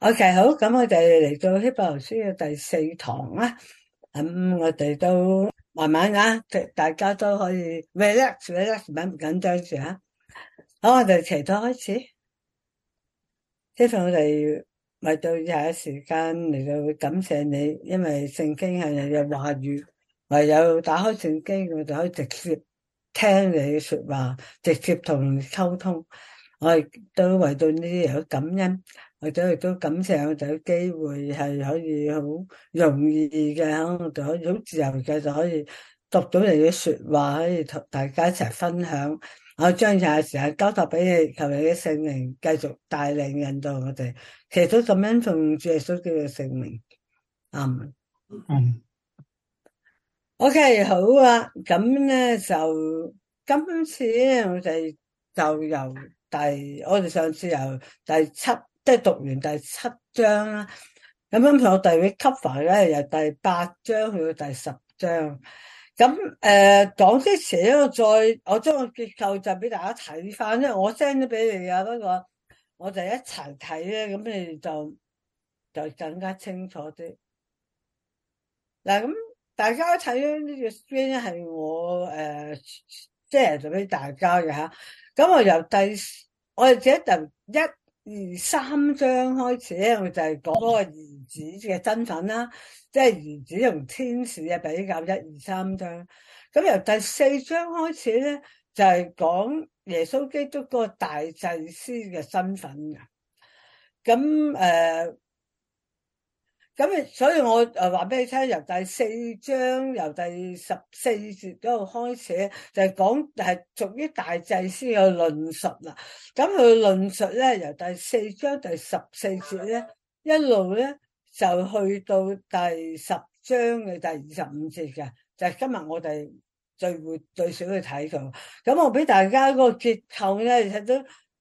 OK，好，咁我哋嚟到希伯來書嘅第四堂啦。咁我哋都慢慢啊，大家都可以 relax，relax，唔使咁緊張住啊。好，我哋祈禱開始。即係我哋為到下一時間嚟到感謝你，因為聖經係日日話語，唯有打開聖經，我就可以直接聽你說話，直接同你溝通。我哋都為到呢啲有感恩。或者亦都感謝我哋嘅機會係可以好容易嘅，就可以好自由嘅，就可以讀到你嘅說話，可以同大家一齊分享。我將有時候交託俾你，求你嘅聖靈繼續帶領引導我哋，祈禱咁樣奉耶穌嘅聖名。啱唔啱？OK，好啊。咁咧就今次我哋就由第我哋上次由第七。即係讀完第七章啦，咁樣向我第二 chapter 咧，由第八章去到第十章。咁誒，講啲詞咧，我再我將個結構就俾大家睇翻咧。我 send 咗俾你啊，不過我就一齊睇咧，咁你就就更加清楚啲。嗱，咁大家睇呢個 screen 係我誒，即係做俾大家嘅吓。咁我由第我哋自己一。二三章開始咧，我就係講嗰個兒子嘅身份啦，即係兒子同天使嘅比較。一二三章，咁由第四章開始咧，就係講耶穌基督嗰個大祭司嘅身份嘅。咁誒。呃咁所以，我話俾你聽，由第四章由第十四節嗰度開始，就係、是、講係、就是、屬於大祭司嘅論述啦。咁佢論述咧，由第四章第十四節咧一路咧就去到第十章嘅第二十五節嘅，就係、是、今日我哋聚會最少去睇到。咁我俾大家個結構咧睇到，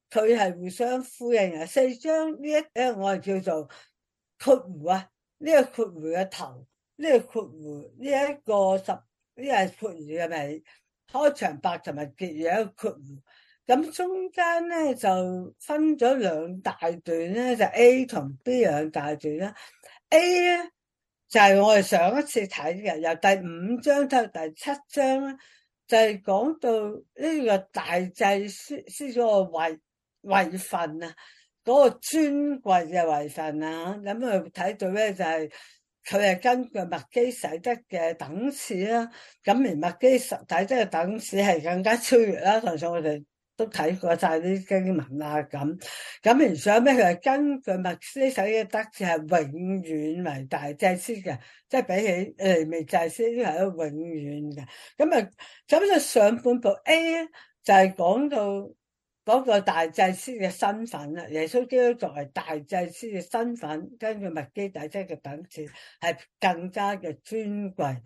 佢係互相呼應嘅。四章呢一咧，我係叫做括弧啊。呢個括弧嘅頭，呢個括弧，呢一個十，呢係括弧嘅咪開場白，同埋結尾一個括弧。咁中間咧就分咗兩大段咧，就 A 同 B 兩大段啦。A 咧就係我哋上一次睇嘅，由第五章到第七章咧，就係講到呢個大祭司咗所為為訓啊。嗰個尊貴嘅遺訓啊，咁佢睇到咧就係佢係根據麥基洗德嘅等次啦、啊，咁而麥基洗德嘅等次係更加超越啦、啊。加上我哋都睇過晒啲經文啦、啊，咁咁然上咧佢係根據麥基洗德嘅等次，係永遠為大祭司嘅，即、就、係、是、比起誒未祭司係永遠嘅。咁啊，咁就上半部 A 就係、是、講到。嗰個大祭司嘅身份，耶穌基督作為大祭司嘅身份，根據麥基洗德嘅等次係更加嘅尊貴。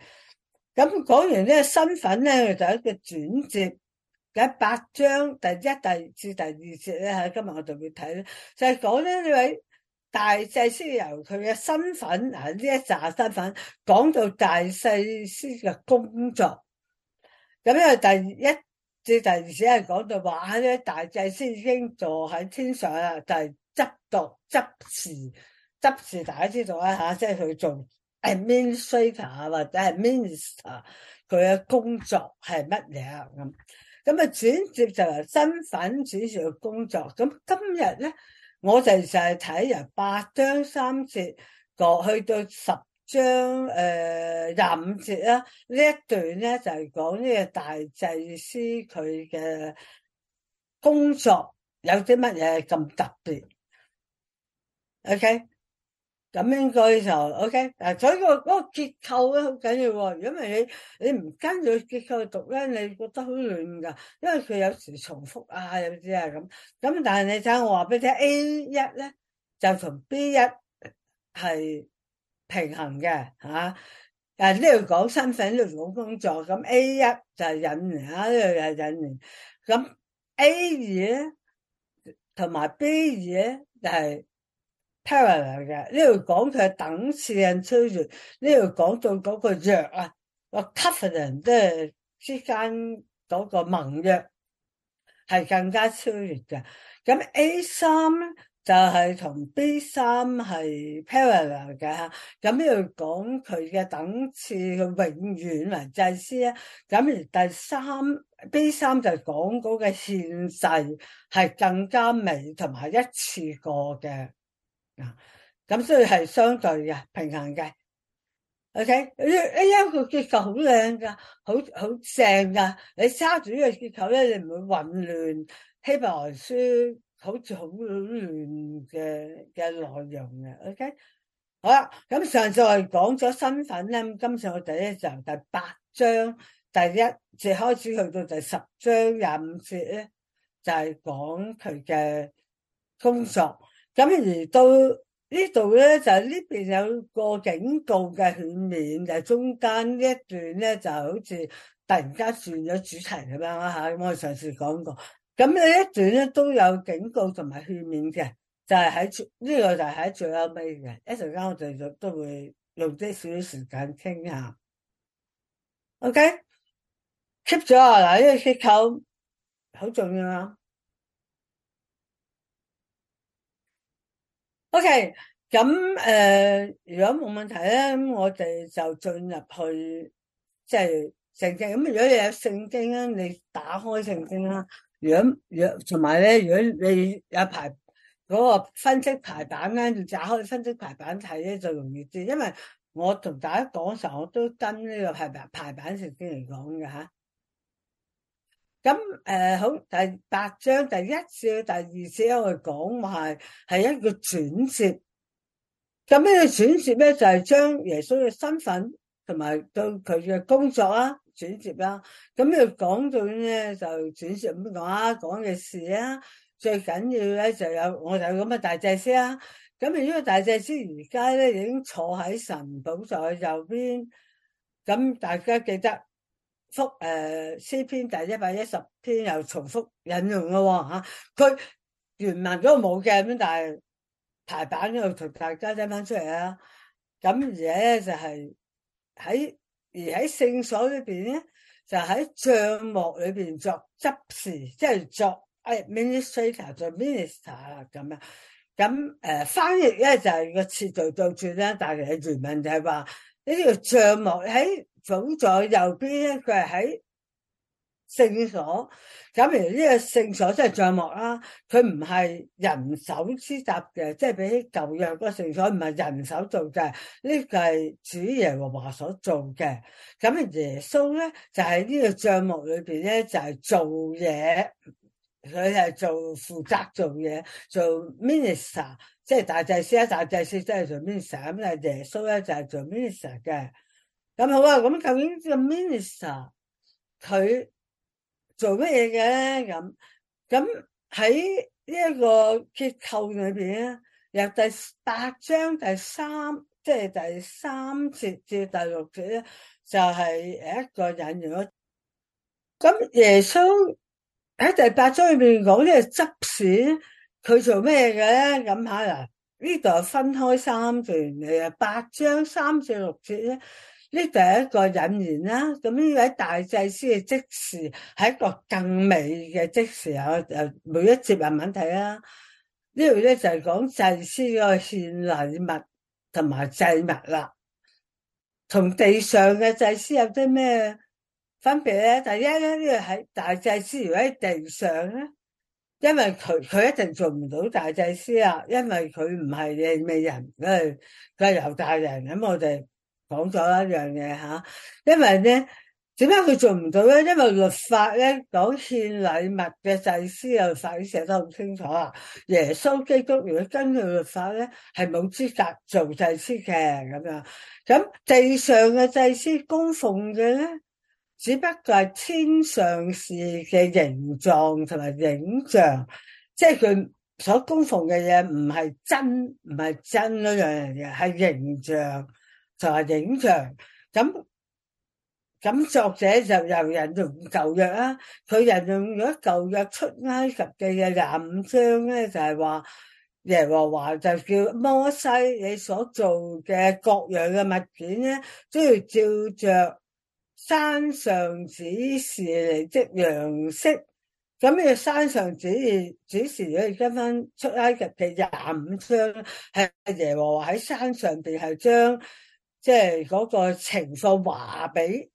咁講完呢個身份咧，就係、一個轉折，一百章第一、第二第二節咧，今日我哋會睇咧，就係講呢位大祭司由佢嘅身份啊呢一扎身份，講到大祭司嘅工作。咁因為第一。就係只係講到話咧，大祭司已經坐喺天上啦，就係、是、執讀執事執事，大家知道啦嚇，即係佢做 administrator 或者係 minister 佢嘅工作係乜嘢啊咁？咁啊轉接就係身份轉接嘅工作。咁今日咧，我哋就係睇由八章三節過去到十。將誒廿五節啦，呢一段咧就係講呢個大祭司佢嘅工作有啲乜嘢咁特別。OK，咁應該就 OK。誒，所以個嗰個結構咧好緊要。如果唔係你你唔跟住個結構去讀咧，你覺得好亂噶。因為佢有時重複啊，有啲啊咁。咁但係你睇我話俾你聽，A 一咧就同 B 一係。平衡嘅嚇，誒呢度講身份，呢度講工作，咁 A 一就係引人嚇，啊、這裡就呢度又引人，咁 A 二咧同埋 B 二咧就係、是、parallel 嘅，呢度講佢係等次性超越，呢度講到嗰個約啊，個 covenant 即係之間嗰個盟約係更加超越嘅，咁 A 三。就係同 B 三係 parallel 嘅吓，咁呢度講佢嘅等次，佢永遠為祭司啊，咁、就是、而第三 B 三就講嗰個現世係更加美同埋一次過嘅，啊，咁所以係相對嘅平衡嘅。O.K. 因為個結構好靚噶，好好正噶，你揸住呢個結構咧，你唔會混亂。希伯來書。好似好亂嘅嘅內容嘅，OK，好啦，咁上次我哋講咗身份咧，今次我哋第一集由第八章第一節開始去到第十章廿五節咧，就係講佢嘅工作。咁的而到呢度咧，就呢、是、邊有個警告嘅勸勉就是、中間一段咧，就是、好似突然間轉咗主題咁樣啊！吓，我哋上次講過。咁呢一段咧都有警告同埋勸勉嘅，就係喺呢個就係喺最後尾嘅。一陣間我哋就都會用啲少少時間傾下，OK，keep、okay? 咗嗱呢、這個結構好重要啊。OK，咁誒、呃，如果冇問題咧，咁我哋就進入去即係聖經。咁如果你有聖經咧，你打開聖經啦。如果、如同埋咧，如果你有排嗰、嗰個分析排版咧，就打開分析排版睇咧，就容易啲。因為我同大家講時候，我都跟呢個排排排版成先嚟講嘅吓。咁誒，好，第八章第一次、第二次一路講，係係一個轉折。咁咩嘢轉折咧？就係、是、將耶穌嘅身份。同埋對佢嘅工作啊，轉接啦，咁要講到咧就轉接唔講啊，講嘅事啊，最緊要咧就有我就有咁嘅大祭司啊，咁如果大祭司而家咧已經坐喺神寶座右邊，咁大家記得復誒、呃、詩篇第一百一十篇又重複引用咯喎。佢原文嗰度冇嘅，咁但係排版嗰度同大家整翻出嚟啊，咁而且咧就係、是。喺而喺聖所裏面，咧，就喺帳幕裏面作執事，即係作唉 minister，做 minister 啊咁樣。咁誒翻譯咧就係個次序對轉咧，但係個原文就係話呢個帳幕喺左左右邊咧，佢係喺。聖所，咁而呢個聖所即係帳幕啦，佢唔係人手支搭嘅，即係比舊約個聖所唔係人手做嘅，呢、這個係主耶和華所做嘅。咁耶穌咧就喺、是、呢個帳幕裏邊咧就係、是、做嘢，佢係做負責做嘢，做 minister，即係大祭司啊，大祭司即係做 minister，咁啊耶穌咧就係做 minister 嘅。咁好啊，咁究竟呢個 minister 佢？做乜嘢嘅咁？咁喺呢一個結構裏邊咧，入第八章第三，即係第三節至第六節咧，就係一個引用。咁耶穌喺第八章裏邊講呢個執事，佢做咩嘢嘅？咁吓嗱，呢度分開三段嚟啊，八章三至六節。呢就一個引言啦，咁呢位大祭司嘅職事係一個更美嘅職事啊！每一節入面睇啦。呢度咧就係講祭司嘅獻禮物同埋祭物啦。同地上嘅祭司有啲咩分別咧？第一呢個喺大祭司如果喺地上咧，因為佢佢一定做唔到大祭司啊，因為佢唔係利未人，佢佢係猶大人咁我哋。講咗一樣嘢吓因為咧，點解佢做唔到咧？因為律法咧講獻禮物嘅祭司又寫寫得好清楚啊！耶穌基督如果根據律法咧，係冇資格做祭司嘅咁樣。咁地上嘅祭司供奉嘅咧，只不過係天上事嘅形狀同埋影像，即係佢所供奉嘅嘢唔係真，唔係真一樣嘢，係形象。就係影像咁，咁，作者就由人用舊約啊，佢人用咗舊約出埃及記嘅廿五章咧，就係話耶和華就叫摩西，你所做嘅各樣嘅物件咧，都要照着山上指示嚟積樣式。咁要山上指示指示咧，而家翻出埃及記嘅廿五章，係耶和華喺山上邊係將。即係嗰個情況話俾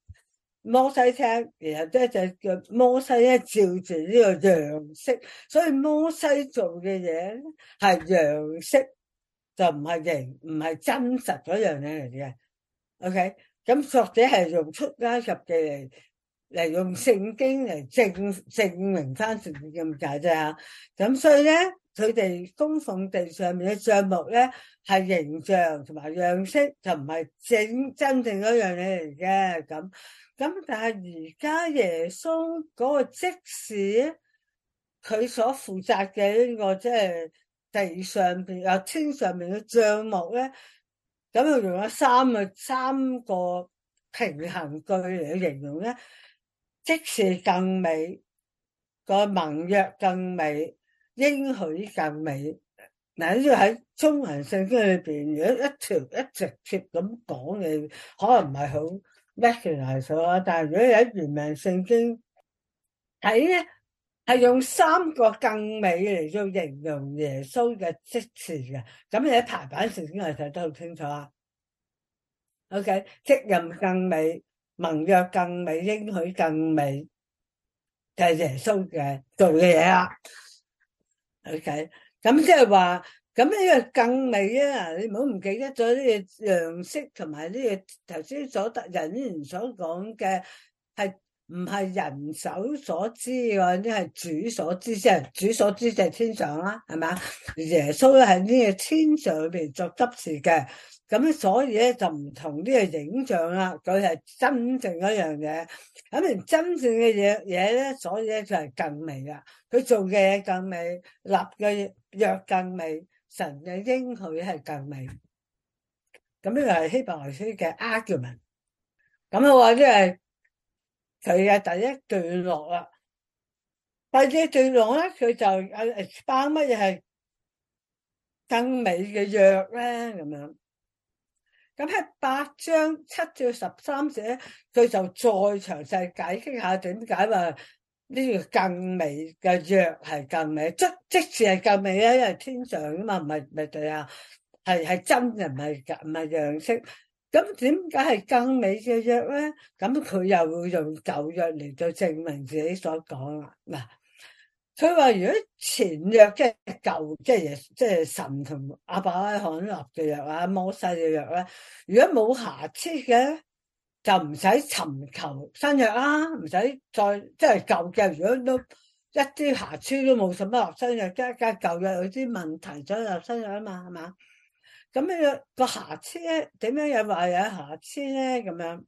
摩西聽，然後即係叫摩西咧照住呢個樣式，所以摩西做嘅嘢係樣式，就唔係型，唔係真實嗰樣嘢嚟嘅。OK，咁作者係用出埃及嚟嚟用聖經嚟證證明翻成件事，咁解啫吓，咁所以咧。佢哋供奉地上面嘅帳幕咧，係形象同埋樣式，就唔係整真正嗰樣嘢嚟嘅。咁咁，但係而家耶穌嗰個即使佢所負責嘅呢個即係地上邊啊天上面嘅帳幕咧，咁就用咗三個三個平衡句嚟去形容咧，即使更美，個盟約更美。應許更美，嗱，呢個喺中文聖經裏邊，如果一條一直接咁講嘅，可能唔係好密切係耶穌啊。但係如果喺原文聖經睇咧，係用三個更美嚟做形容耶穌嘅職事嘅。咁你喺排版聖經係睇得好清楚，O.K. 職任更美，盟約更美，應許更美，就係耶穌嘅做嘅嘢啦。O.K. 咁即係話，咁呢個更美啊！你唔好唔記得咗呢個樣式，同埋呢個頭先所得人所講嘅係唔係人手所知或者係主所知即係主所知就係天上啦，啊，係咪？耶穌咧係呢個天上邊作執事嘅。咁所以咧就唔同呢個影像啦，佢係真正嗰樣嘢，咁而真正嘅嘢嘢咧，所以咧就係更美噶。佢做嘅嘢更美，立嘅約更美，神嘅應許係更美。咁呢個係希伯來書嘅 argument。咁我話即係佢嘅第一段落啦，第二段落咧佢就誒講乜嘢係更美嘅約咧咁樣。咁喺八章七至十三節，佢就再詳細解釋下點解話呢個更美嘅約係更美，即即使係更美啊，因為天上噶嘛，唔係唔係地下，係係真人唔係唔係樣式。咁點解係更美嘅約咧？咁佢又會用舊約嚟到證明自己所講啦，嗱。佢話如果前約即係舊，即係即係神同阿伯拉罕立嘅約啊，摩西嘅約咧，如果冇瑕疵嘅，就唔使尋求新約啦，唔使再即係舊嘅，如果都一啲瑕疵都冇，使乜立新約？梗係舊嘅，有啲問題，再立新約啊嘛，係嘛？咁樣個瑕疵咧點樣有話有瑕疵咧？咁樣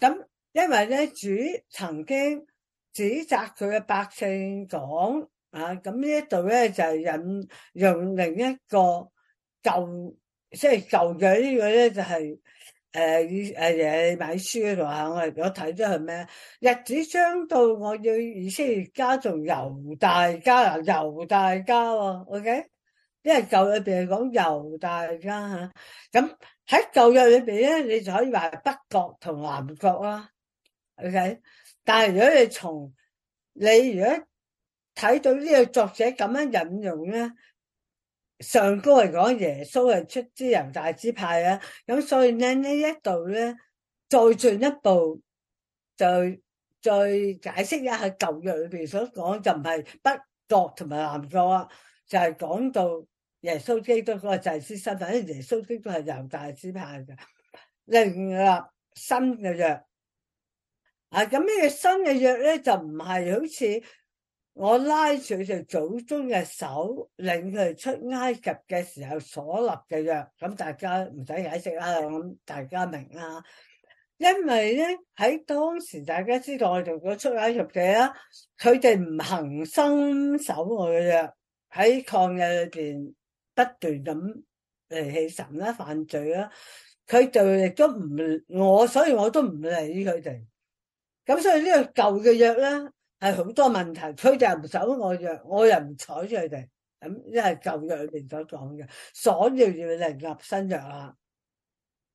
咁，因為咧主曾經。指責佢嘅百姓講啊，咁呢一度咧就係、是、引用另一個舊，即係舊約呢個咧就係誒誒誒買書度吓，我睇咗係咩？日子將到，我要以色列家同猶大家，啊猶大家啊，OK？因為舊裏邊係講猶大家，吓，咁喺舊約裏邊咧，你就可以話北國同南國啦，OK？但係如果你從你如果睇到呢個作者咁樣引用咧，上高嚟講耶穌係出自猶大支派啊，咁所以咧呢一度咧再進一步就再解釋一下舊約裏邊所講就唔係北國同埋南國啊，就係講到耶穌基督嗰個祭司身份，因為耶穌基督係猶大支派嘅另立新嘅約。啊！咁呢個新嘅約咧，就唔係好似我拉住佢祖宗嘅手，領佢出埃及嘅時候所立嘅約。咁大家唔使解釋啦，咁大家明啦。因為咧喺當時，大家知道我哋嗰出埃及嘅啊，佢哋唔行伸手我嘅約喺曠野裏邊不斷咁離棄神啦、犯罪啦，佢哋亦都唔我，所以我都唔理佢哋。咁所以個舊呢個舊嘅約咧係好多問題，佢就唔守我約，我又唔睬住佢哋。咁一係舊約裏面所講嘅，所要要嚟立新約啦。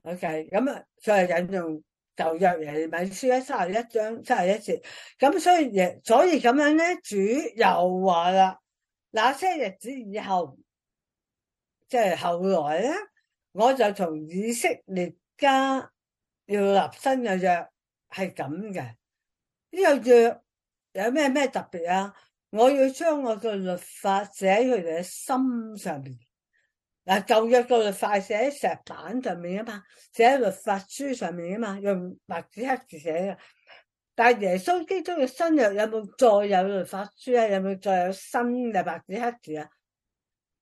O K，咁啊以引用舊約，耶利米書咗三十一章三十一節。咁所以亦所以咁樣咧，主又話啦，那些日子以後，即係後來咧，我就從以色列家要立新嘅約。係咁嘅呢個約有咩咩特別啊？我要將我嘅律法寫喺佢哋嘅心上面。嗱，舊約嘅律法寫喺石板上面啊嘛，寫喺律法書上面啊嘛，用白紙黑字寫嘅。但係耶穌基督嘅新約有冇再有律法書啊？有冇再有新嘅白紙黑字啊？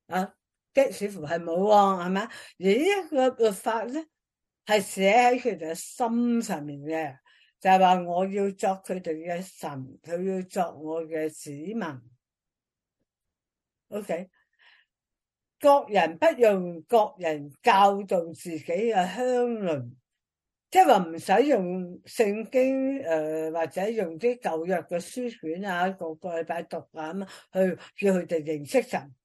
啊，即似乎係冇啊，係咪？而呢個律法咧係寫喺佢哋嘅心上面嘅。就係話我要作佢哋嘅神，佢要作我嘅子民。OK，各人不用各人教導自己嘅鄉鄰，即係話唔使用聖經誒或者用啲舊約嘅書卷啊，個個禮拜讀啊，咁去叫佢哋認識神。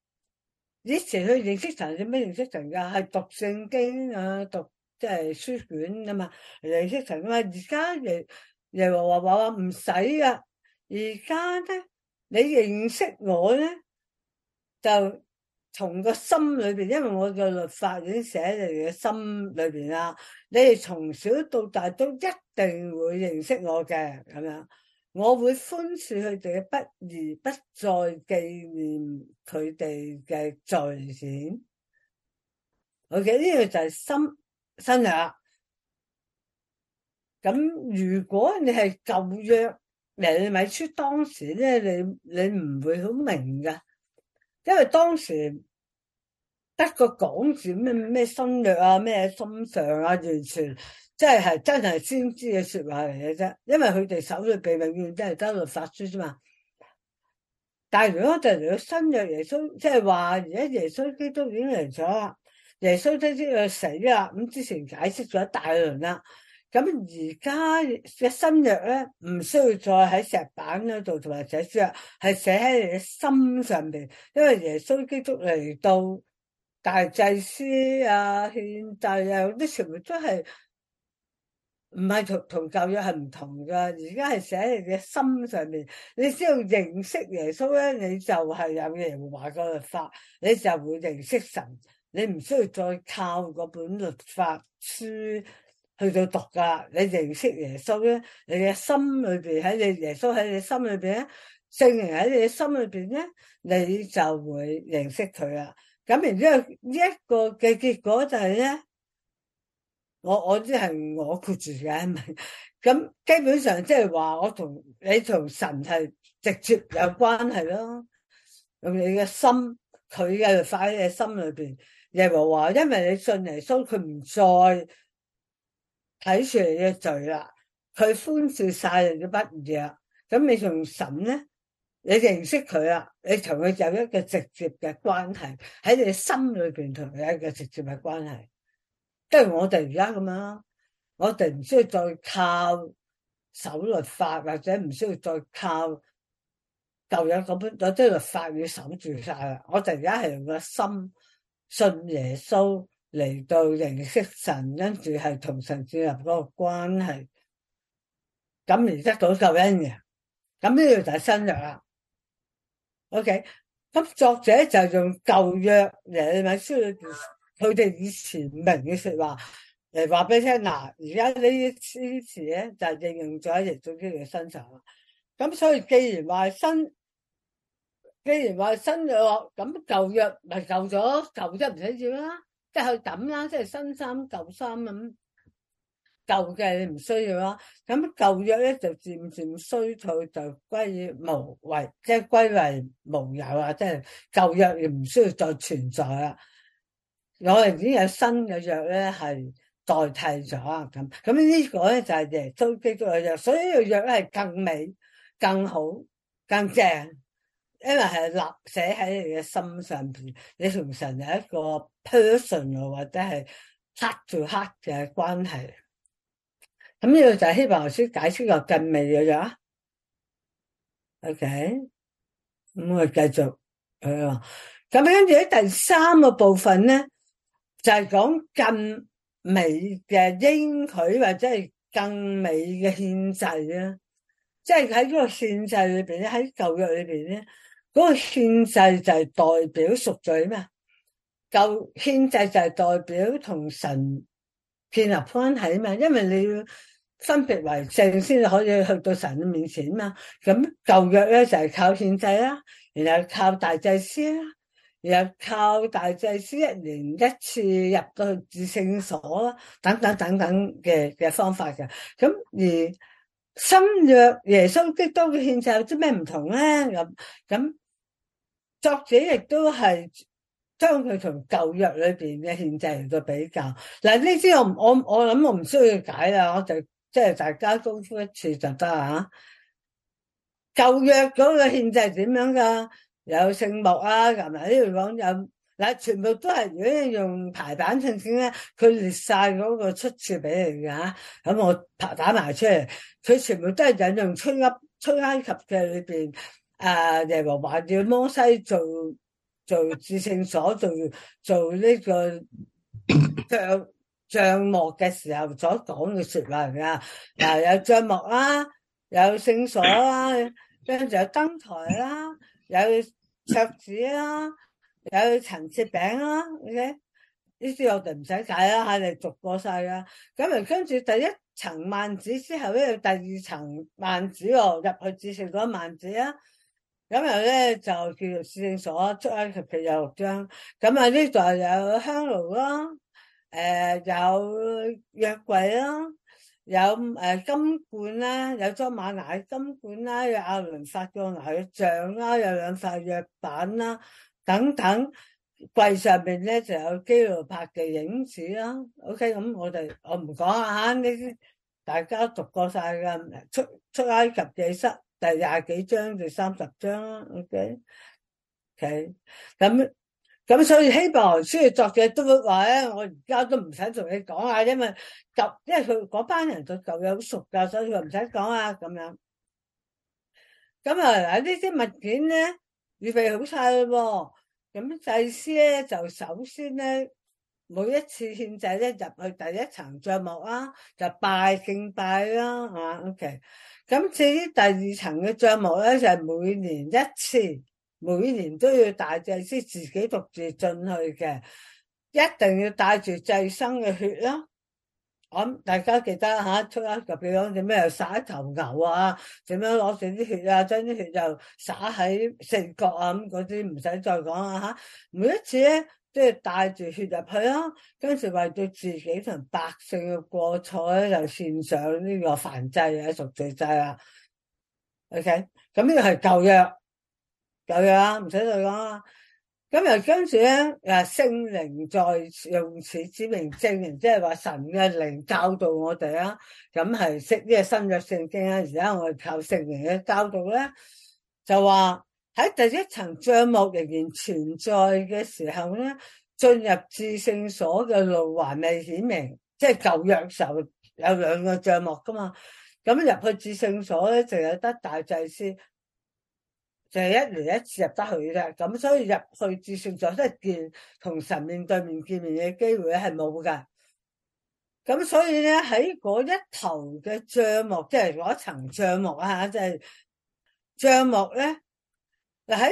以前去認識神，點樣認識神？又係讀聖經啊，讀。即係書卷啊嘛，認識陳。咁啊而家又又話話話唔使啊。而家咧，你認識我咧，就從個心裏邊，因為我個律法已經寫在你嘅心裏邊啦。你哋從小到大都一定會認識我嘅，咁樣我會寬恕佢哋，不義不再紀念佢哋嘅罪愆。O.K. 呢個就係心。新約，咁如果你係舊約，咪出當時咧，你你唔會好明噶，因為當時得個講字咩咩新約啊咩新上啊，完全即係係真係先知嘅說話嚟嘅啫，因為佢哋手裏邊永遠都係得到法書啫嘛。但係如果就如果新約耶穌即係話而家耶穌基督已經嚟咗。耶穌基知佢死啦，咁之前解釋咗大輪，啦咁而家嘅新約咧，唔需要再喺石板嗰度同埋寫書，係寫喺你嘅心上面，因為耶穌基督嚟到大祭司啊、獻祭啊，啲全部都係唔係同同舊約係唔同噶而家係寫喺你嘅心上面，你只要認識耶穌咧，你就係有耶和華嘅律法，你就會認識神。你唔需要再靠嗰本律法書去到讀噶，你認識耶穌咧，你嘅心裏邊喺你耶穌喺你心裏邊咧，證明喺你嘅心裏邊咧，你就會認識佢啦。咁然之後呢一個嘅結果就係咧，我我即係我括住嘅，係咪，咁基本上即係話我同你同神係直接有關係咯，用你嘅心，佢嘅律法喺你心裏邊。耶穌話，因為你信耶蘇佢唔再睇住你嘅罪啦，佢寬恕晒人嘅不啦，咁你仲神咧，你就認識佢啦，你同佢有一個直接嘅關係，喺你心裏邊同佢有一個直接嘅關係。即係我哋而家咁樣，我哋唔需要再靠守律法，或者唔需要再靠舊約嗰本律法去守住晒啦。我哋而家係用個心，信耶穌嚟到認識神，跟住係同神建立嗰個關係，咁而得到救恩嘅。咁呢度就係新約啦。OK，咁作者就用舊約嚟咪需要佢哋以前明嘅說話嚟話俾你聽。嗱，而家呢呢啲詞咧就是、應用喺耶穌基督嘅身上啦。咁所以既然話新既然話新約，咁舊約咪舊咗舊真唔使住啦，即係去抌啦，即係、就是、新衫舊衫，咁舊嘅你唔需要啦。咁舊約咧就漸漸衰退，就歸無為，即係歸為無有啊！即係舊約唔需要再存在啦。有已經有新嘅約咧係代替咗，咁咁呢個咧就係耶穌基督嘅約，所以呢個約係更美、更好、更正。因為係立寫喺你嘅心上邊，你同神係一個 personal，或者係 heart to heart 嘅關係。咁呢個就係希望頭先解釋個更美嘅咗。OK，咁我繼續。誒，咁跟住喺第三個部分咧，就係講更美嘅應許或者係更美嘅獻祭咧，即係喺呢個獻祭裏邊咧，喺舊約裏邊咧。嗰個獻祭就係代表贖罪啊嘛，舊獻祭就係代表同神建立關係啊嘛，因為你要分別為聖先可以去到神嘅面前、就是、啊嘛。咁舊約咧就係靠獻祭啦，然後靠大祭司啦、啊，然後靠大祭司一年一次入到去至聖所啦、啊，等等等等嘅嘅方法嘅。咁而新約耶穌基督嘅獻祭有啲咩唔同咧？咁咁。作者亦都係將佢同舊約裏邊嘅限制嚟到比較，嗱呢啲我我我諗我唔需要解啦，我就即係、就是、大家高呼一次就得吓。舊約嗰個限制點樣噶？有聖幕啊，同埋呢度講有嗱，全部都係如果用排版聖經咧，佢列晒嗰個出處俾你㗎。咁我打埋出嚟，佢全部都係引用《出埃及出埃及記》裏邊。啊！例如話要摩西做做至聖所做做呢個帳帳幕嘅時候所講嘅說話嚟噶，嗱有帳幕啦，有聖所啦，跟住有燈台啦，有桌子啦，有陳設餅啦，ok 呢啲我哋唔使解啦，喺你逐過晒噶。咁啊跟住第一層萬子之後咧，有第二層萬子喎、啊，入去至聖嗰一萬子啦、啊咁又咧就叫做至聖所，出埃及記廿六章。咁啊呢度有香爐啦、啊，誒，有約櫃啦，有誒、啊、金罐啦、啊，有裝嗎哪金罐啦、啊，有亞倫發咗芽嘅杖啦，有兩塊約版啦、啊，等等櫃上面咧就有基路伯嘅影子啦、啊。OK，咁我哋我唔講啊，呢啲大家讀過晒嘅出出埃及記室。第廿幾章定三十章啊？O K，OK，咁咁所以希伯來書嘅作者都話咧，我而家都唔使同你講啊，因為就因為佢嗰班人就舊有熟噶，所以就唔使講啊咁樣。咁啊，嗱呢啲物件咧預備好晒咯，咁祭司咧就首先咧每一次獻祭咧入去第一層帳幕啊，就拜敬拜啦，係嘛？O K。咁至於第二層嘅帳幕咧，就係、是、每年一次，每年都要大祭司自己獨自進去嘅，一定要帶住祭牲嘅血啦。大家記得吓、啊，出埃及特別講點咩，殺一頭牛啊，點樣攞住啲血啊，將啲血就撒喺四角啊咁嗰啲，唔使再講啦、啊、每一次咧。即係帶住血入去啦、啊，跟住為咗自己同百姓嘅過錯咧，又獻上呢個燔祭啊、贖罪祭啊。OK，咁呢個係舊約，舊約啊，唔使再講啦。咁又跟住咧，又聖靈再用此指明證明，即係話神嘅靈教導我哋啊，咁係識呢個新約聖經啊。而家我哋靠聖靈嘅教導咧，就話。喺第一層帳幕仍然存在嘅時候咧，進入至聖所嘅路還未顯明，即係舊約時候有兩個帳幕噶嘛。咁入去至聖所咧，就有得大祭司，就係一年一次入得去嘅。咁所以入去至聖所即係咧，見同神面對面見面嘅機會係冇嘅。咁所以咧，喺嗰一頭嘅帳幕，即係嗰一層帳幕啊，即係帳幕咧。就喺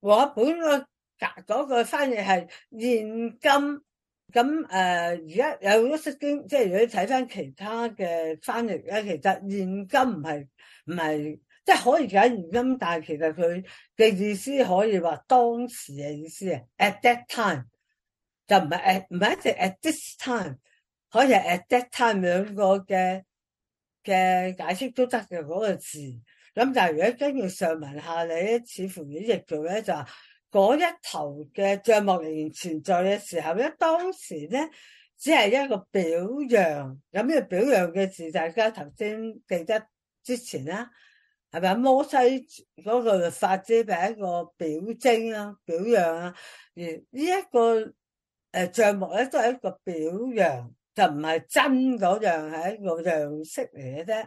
我本個嗰個翻譯係現今咁誒，而家有好多識經，即係如果你睇翻其他嘅翻譯咧，其實現今唔係唔係，即係可以講現今，但係其實佢嘅意思可以話當時嘅意思啊，at that time 就唔係 at 唔係一直 at this time，可以 at that time 兩個嘅嘅解釋都得嘅嗰個字。咁但係如果根據上文下理咧，似乎啲逆兆咧，就嗰一頭嘅帳幕仍然存在嘅時候咧，當時咧只係一個表樣，咁呢個表樣嘅字，大家頭先記得之前啦，係咪？摩西嗰個發支係一個表徵啊，表樣啊，而呢一個誒帳幕咧都係一個表樣，就唔係真嗰樣，係一個樣式嚟嘅啫。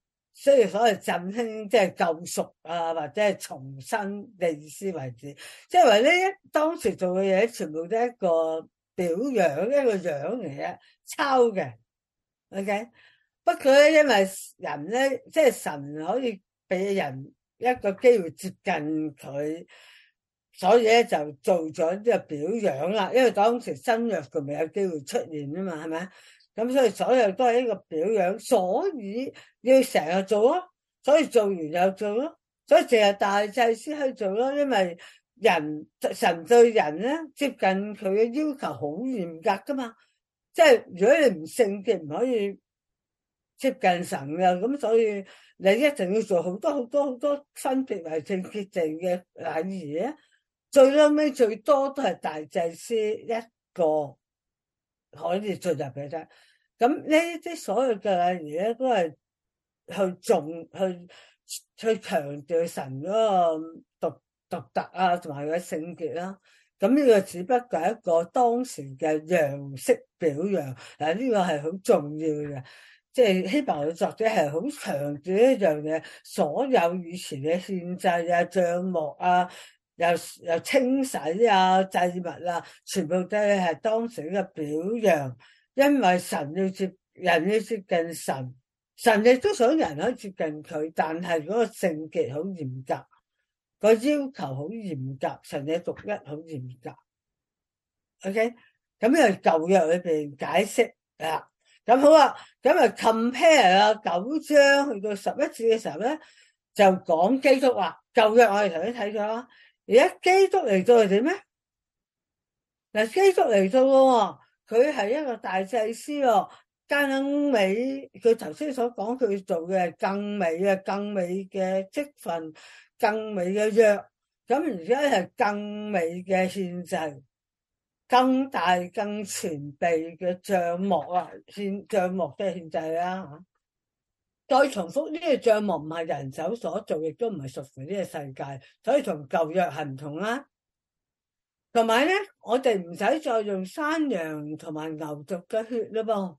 所以所謂振興即係救贖啊，或者係重生，嘅意思為止，即係話咧，當時做嘅嘢全部都係一個表樣，一個樣嚟嘅，抄嘅。O.K. 不過咧，因為人咧即係神可以俾人一個機會接近佢，所以咧就做咗即係表樣啦。因為當時新約佢未有機會出現啊嘛，係咪？咁所以所有都係一個表揚，所以要成日做咯，所以做完又做咯，所以成日大祭司去做咯，因為人神對人咧接近佢嘅要求好嚴格噶嘛，即係如果你唔聖潔唔可以接近神啊，咁所以你一定要做好多好多好多分別為聖潔淨嘅禮儀啊，最屘最，最多都係大祭司一個。可以進入嘅啫，咁呢啲所有嘅嘢咧，都係去重去去強調神嗰個獨獨特啊，同埋佢聖潔啦。咁呢個只不過係一個當時嘅樣式表揚，誒、啊、呢、這個係好重要嘅，即、就、係、是、希望佢作者係好強調一樣嘢，所有以前嘅限制啊、帳幕啊。又又清洗啊祭物啊，全部都係當時嘅表揚，因為神要接人要接近神，神亦都想人可以接近佢，但係嗰個聖潔好嚴格，個要求好嚴格，神嘅獨一好嚴格。OK，咁又舊約裏邊解釋啊，咁好啊，咁啊 compare 啊九章去到十一節嘅時候咧，就講基督話，舊約我哋頭先睇咗。而家基督嚟做係點咩？嗱，基督嚟做喎，佢係一個大祭司加更美。佢頭先所講佢做嘅係更美嘅、更美嘅積份，更美嘅約。咁而家係更美嘅獻祭，更大、更全備嘅帳幕啊！獻帳幕即係獻祭啦。再重複呢個帳幕唔係人手所做，亦都唔係屬乎呢個世界，所以同舊約係唔同啦。同埋咧，我哋唔使再用山羊同埋牛犢嘅血嘞噃，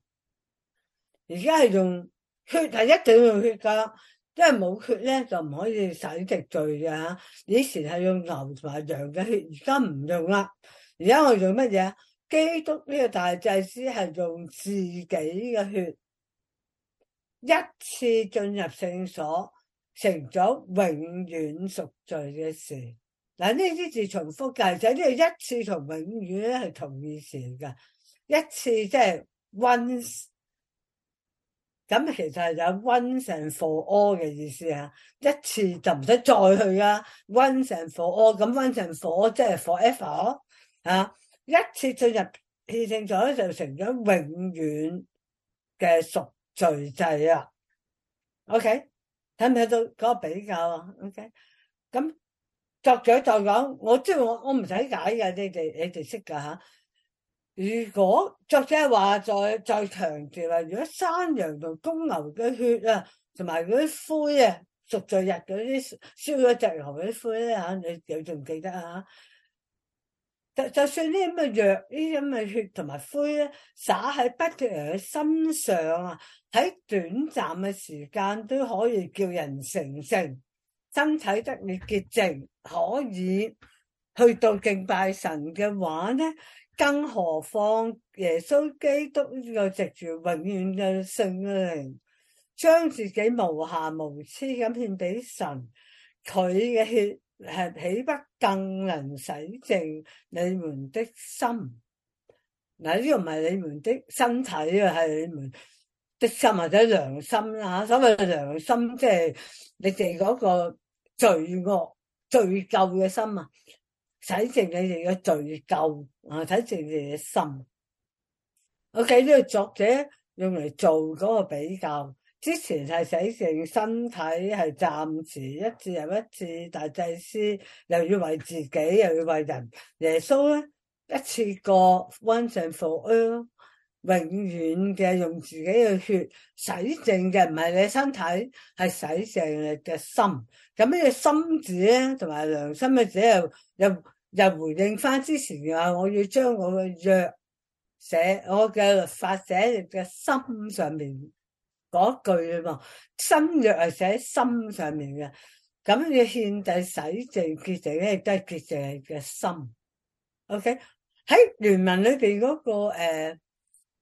而家係用血係一定要用血噶，因為冇血咧就唔可以洗籍罪嘅。以前係用牛同埋羊嘅血，而家唔用啦。而家我哋用乜嘢？基督呢個大祭司係用自己嘅血。一次進入聖所，成咗永遠贖罪嘅事。嗱呢啲字重複嘅，就呢、是、一次同永遠係同意思噶。一次即係 once，咁其實係有 once and for all 嘅意思 all, ver, 啊。一次就唔使再去啊。once and for all，咁 once and for 即係 for ever 一次進入聖所就成咗永遠嘅贖罪祭啊，OK，睇唔睇到嗰個比較啊？OK，咁作者就講，我即係我，我唔使解嘅，你哋你哋識噶吓。如果作者話再再強調，如果山羊同公牛嘅血啊，同埋嗰啲灰啊，贖罪日嗰啲燒咗隻牛嗰啲灰咧，吓你你仲記得啊？就就算啲咁嘅藥，啲咁嘅血同埋灰咧，灑喺不潔人嘅身上啊，喺短暫嘅時間都可以叫人成聖，身體得你潔淨，可以去到敬拜神嘅話咧，更何況耶穌基督又藉住永遠嘅聖靈，將自己無瑕無疵咁獻俾神，佢嘅血。係豈不更能洗淨你們的心？嗱，呢個唔係你們的身體啊，係你們的心或者良心啦。所謂良心，即係你哋嗰個罪惡、罪疚嘅心啊，洗淨你哋嘅罪疚啊，洗淨你哋嘅心。我睇呢個作者用嚟做嗰個比較。之前係洗淨身體，係暫時一次又一次。大祭司又要為自己，又要為人。耶穌咧一次過 once and for all，永遠嘅用自己嘅血洗淨嘅，唔係你身體，係洗淨你嘅心。咁呢個心字咧，同埋良心嘅字又又又回應返之前嘅話，我要將我嘅約寫，我嘅法寫你嘅心上面。嗰句啊嘛，新約係寫喺心上面嘅，咁你獻祭洗淨潔淨咧，都係潔淨嘅心。O K，喺原文裏邊嗰個，誒，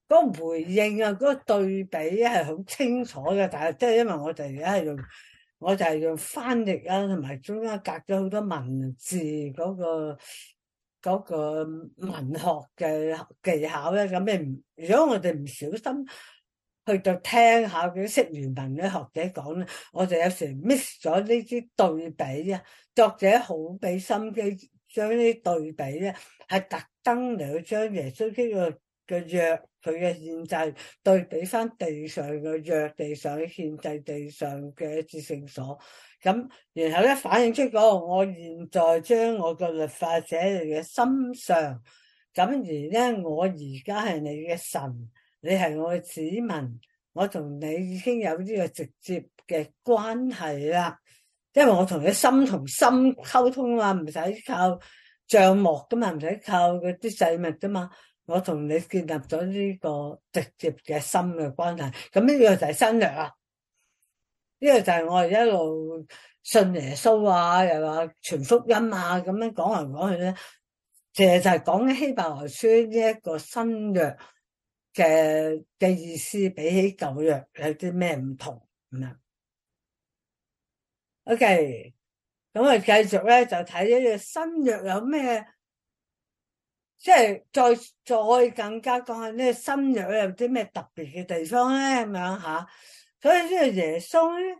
嗰個回應啊，嗰個對比係好清楚嘅，但係即係因為我哋而家係用，我就係用翻譯啊，同埋中間隔咗好多文字嗰個嗰個文學嘅技巧咧、啊，咁你唔，如果我哋唔小心。去到聽下佢識原文嘅學者講咧，我就有時 miss 咗呢啲對比啊。作者好俾心機，將呢啲對比咧係特登嚟，去將耶穌基督嘅約、佢嘅獻祭對比翻地上嘅約，地上獻祭、地上嘅至聖所。咁然後咧反映出嗰、那個，我現在將我個律法者嚟嘅心上，咁而咧我而家係你嘅神。你係我嘅子民，我同你已經有呢個直接嘅關係啦。因為我同你心同心溝通啊，唔使靠帳幕噶嘛，唔使靠嗰啲事物噶嘛。我同你建立咗呢個直接嘅心嘅關係，咁呢個就係新約啊。呢個就係我哋一路信耶穌啊，又話傳福音啊，咁樣講嚟講去咧，其實就係講緊希伯來書呢一個新約，嘅意思比起舊約有啲咩唔同咁啊？OK，咁啊繼續咧就睇呢個新約有咩，即係再再更加講下呢個新約有啲咩特別嘅地方咧咁樣吓。所以呢個耶穌咧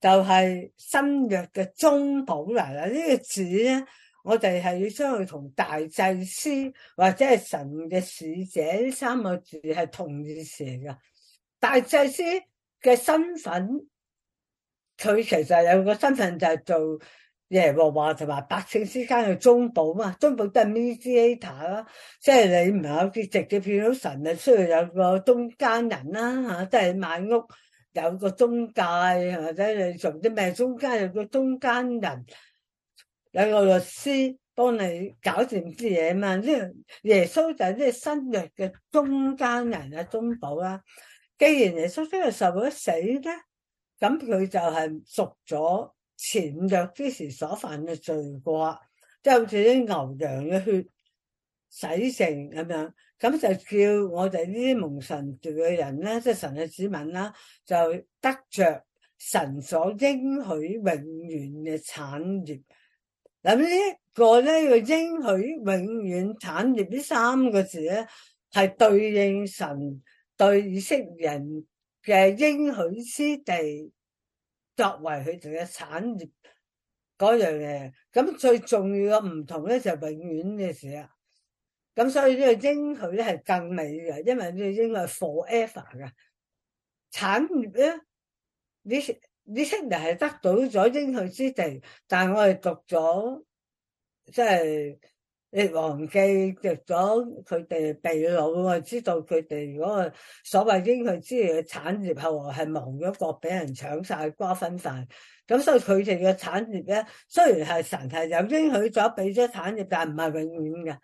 就係新約嘅中保嚟啦呢個字咧。我哋係要將佢同大祭司或者係神嘅使者呢三個字係同義嚟噶。大祭司嘅身份，佢其實有個身份就係做耶和華同埋百姓之間嘅中保嘛。中保都係 mediator 啦、啊，即係你唔係直接譬如神啊，需要有個中間人啦吓，即係買屋有個中介或者你做啲咩中間有個中間人。有個律師幫你搞掂啲嘢啊嘛，即係耶穌就係呢新約嘅中間人啊，中保啦。既然耶穌即係受咗死咧，咁佢就係贖咗前約之時所犯嘅罪過，即係好似啲牛羊嘅血洗成咁樣，咁就叫我哋呢啲蒙神召嘅人咧，即係神嘅子民啦，就得着神所應許永遠嘅產業。諗呢一個咧，個應許永遠產業呢三個字咧，係對應神對息人嘅應許之地，作為佢哋嘅產業嗰樣嘢。咁最重要嘅唔同咧，就永遠嘅事啊！咁所以呢個應許咧，係更美嘅，因為呢個應該係 forever 嘅產業呢啲。以色列係得到咗應許之地，但係我哋讀咗，即係你忘記讀咗佢哋秘魯，我知道佢哋嗰個所謂應許之地嘅產業後來係亡咗國，俾人搶晒瓜分晒。咁所以佢哋嘅產業咧，雖然係神係有應許咗俾咗產業，但係唔係永遠嘅。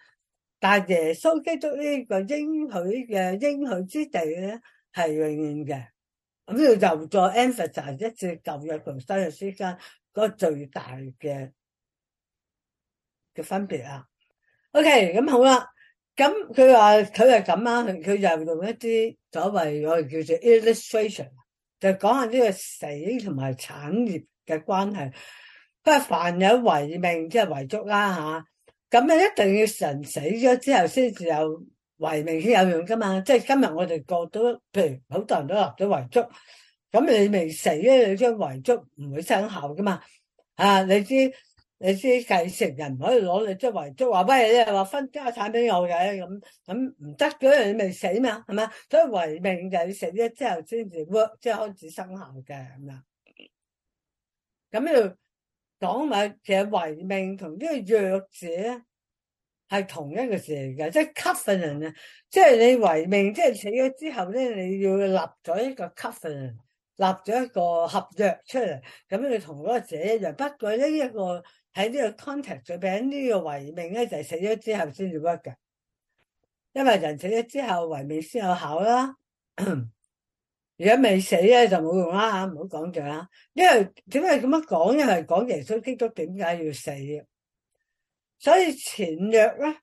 但係耶穌基督呢個應許嘅應許之地咧，係永遠嘅。咁就又在 emphasize 一次舊約同新約之間嗰最大嘅嘅分別 okay，他他啊。OK，咁好啦。咁佢話佢係咁啊，佢又就用一啲所謂我哋叫做 illustration，就講下呢個死同埋產業嘅關係。佢話凡有遺命即係遺囑啦吓，咁、就、你、是啊啊、一定要神死咗之後先至有。遺命先有用噶嘛？即係今日我哋覺到，譬如好多人都立咗遺囑，咁你未死咧，你將遺囑唔會生效噶嘛？啊，你知你知繼承人唔可以攞你做遺囑，話喂，你話分家產俾我嘅咁咁唔得嘅，你未死嘛？係嘛？所以遺命就你死咗之後先至 work，即係開始生效嘅咁樣。咁又講埋，其實遺命同呢個弱者。係同一個事嚟嘅，即係 covenant 啊！即係你遺命，即係死咗之後咧，你要立咗一個 covenant，立咗一個合約出嚟，咁你同嗰個者一樣。不過咧呢一個喺呢個 context 裏邊，呢個遺命咧就係死咗之後先至 work 嘅，因為人死咗之後遺命先有效啦。如果未死咧就冇用啦吓，唔好講住啦，因為點解咁樣講？因為講耶穌基督點解要死。所以前藥咧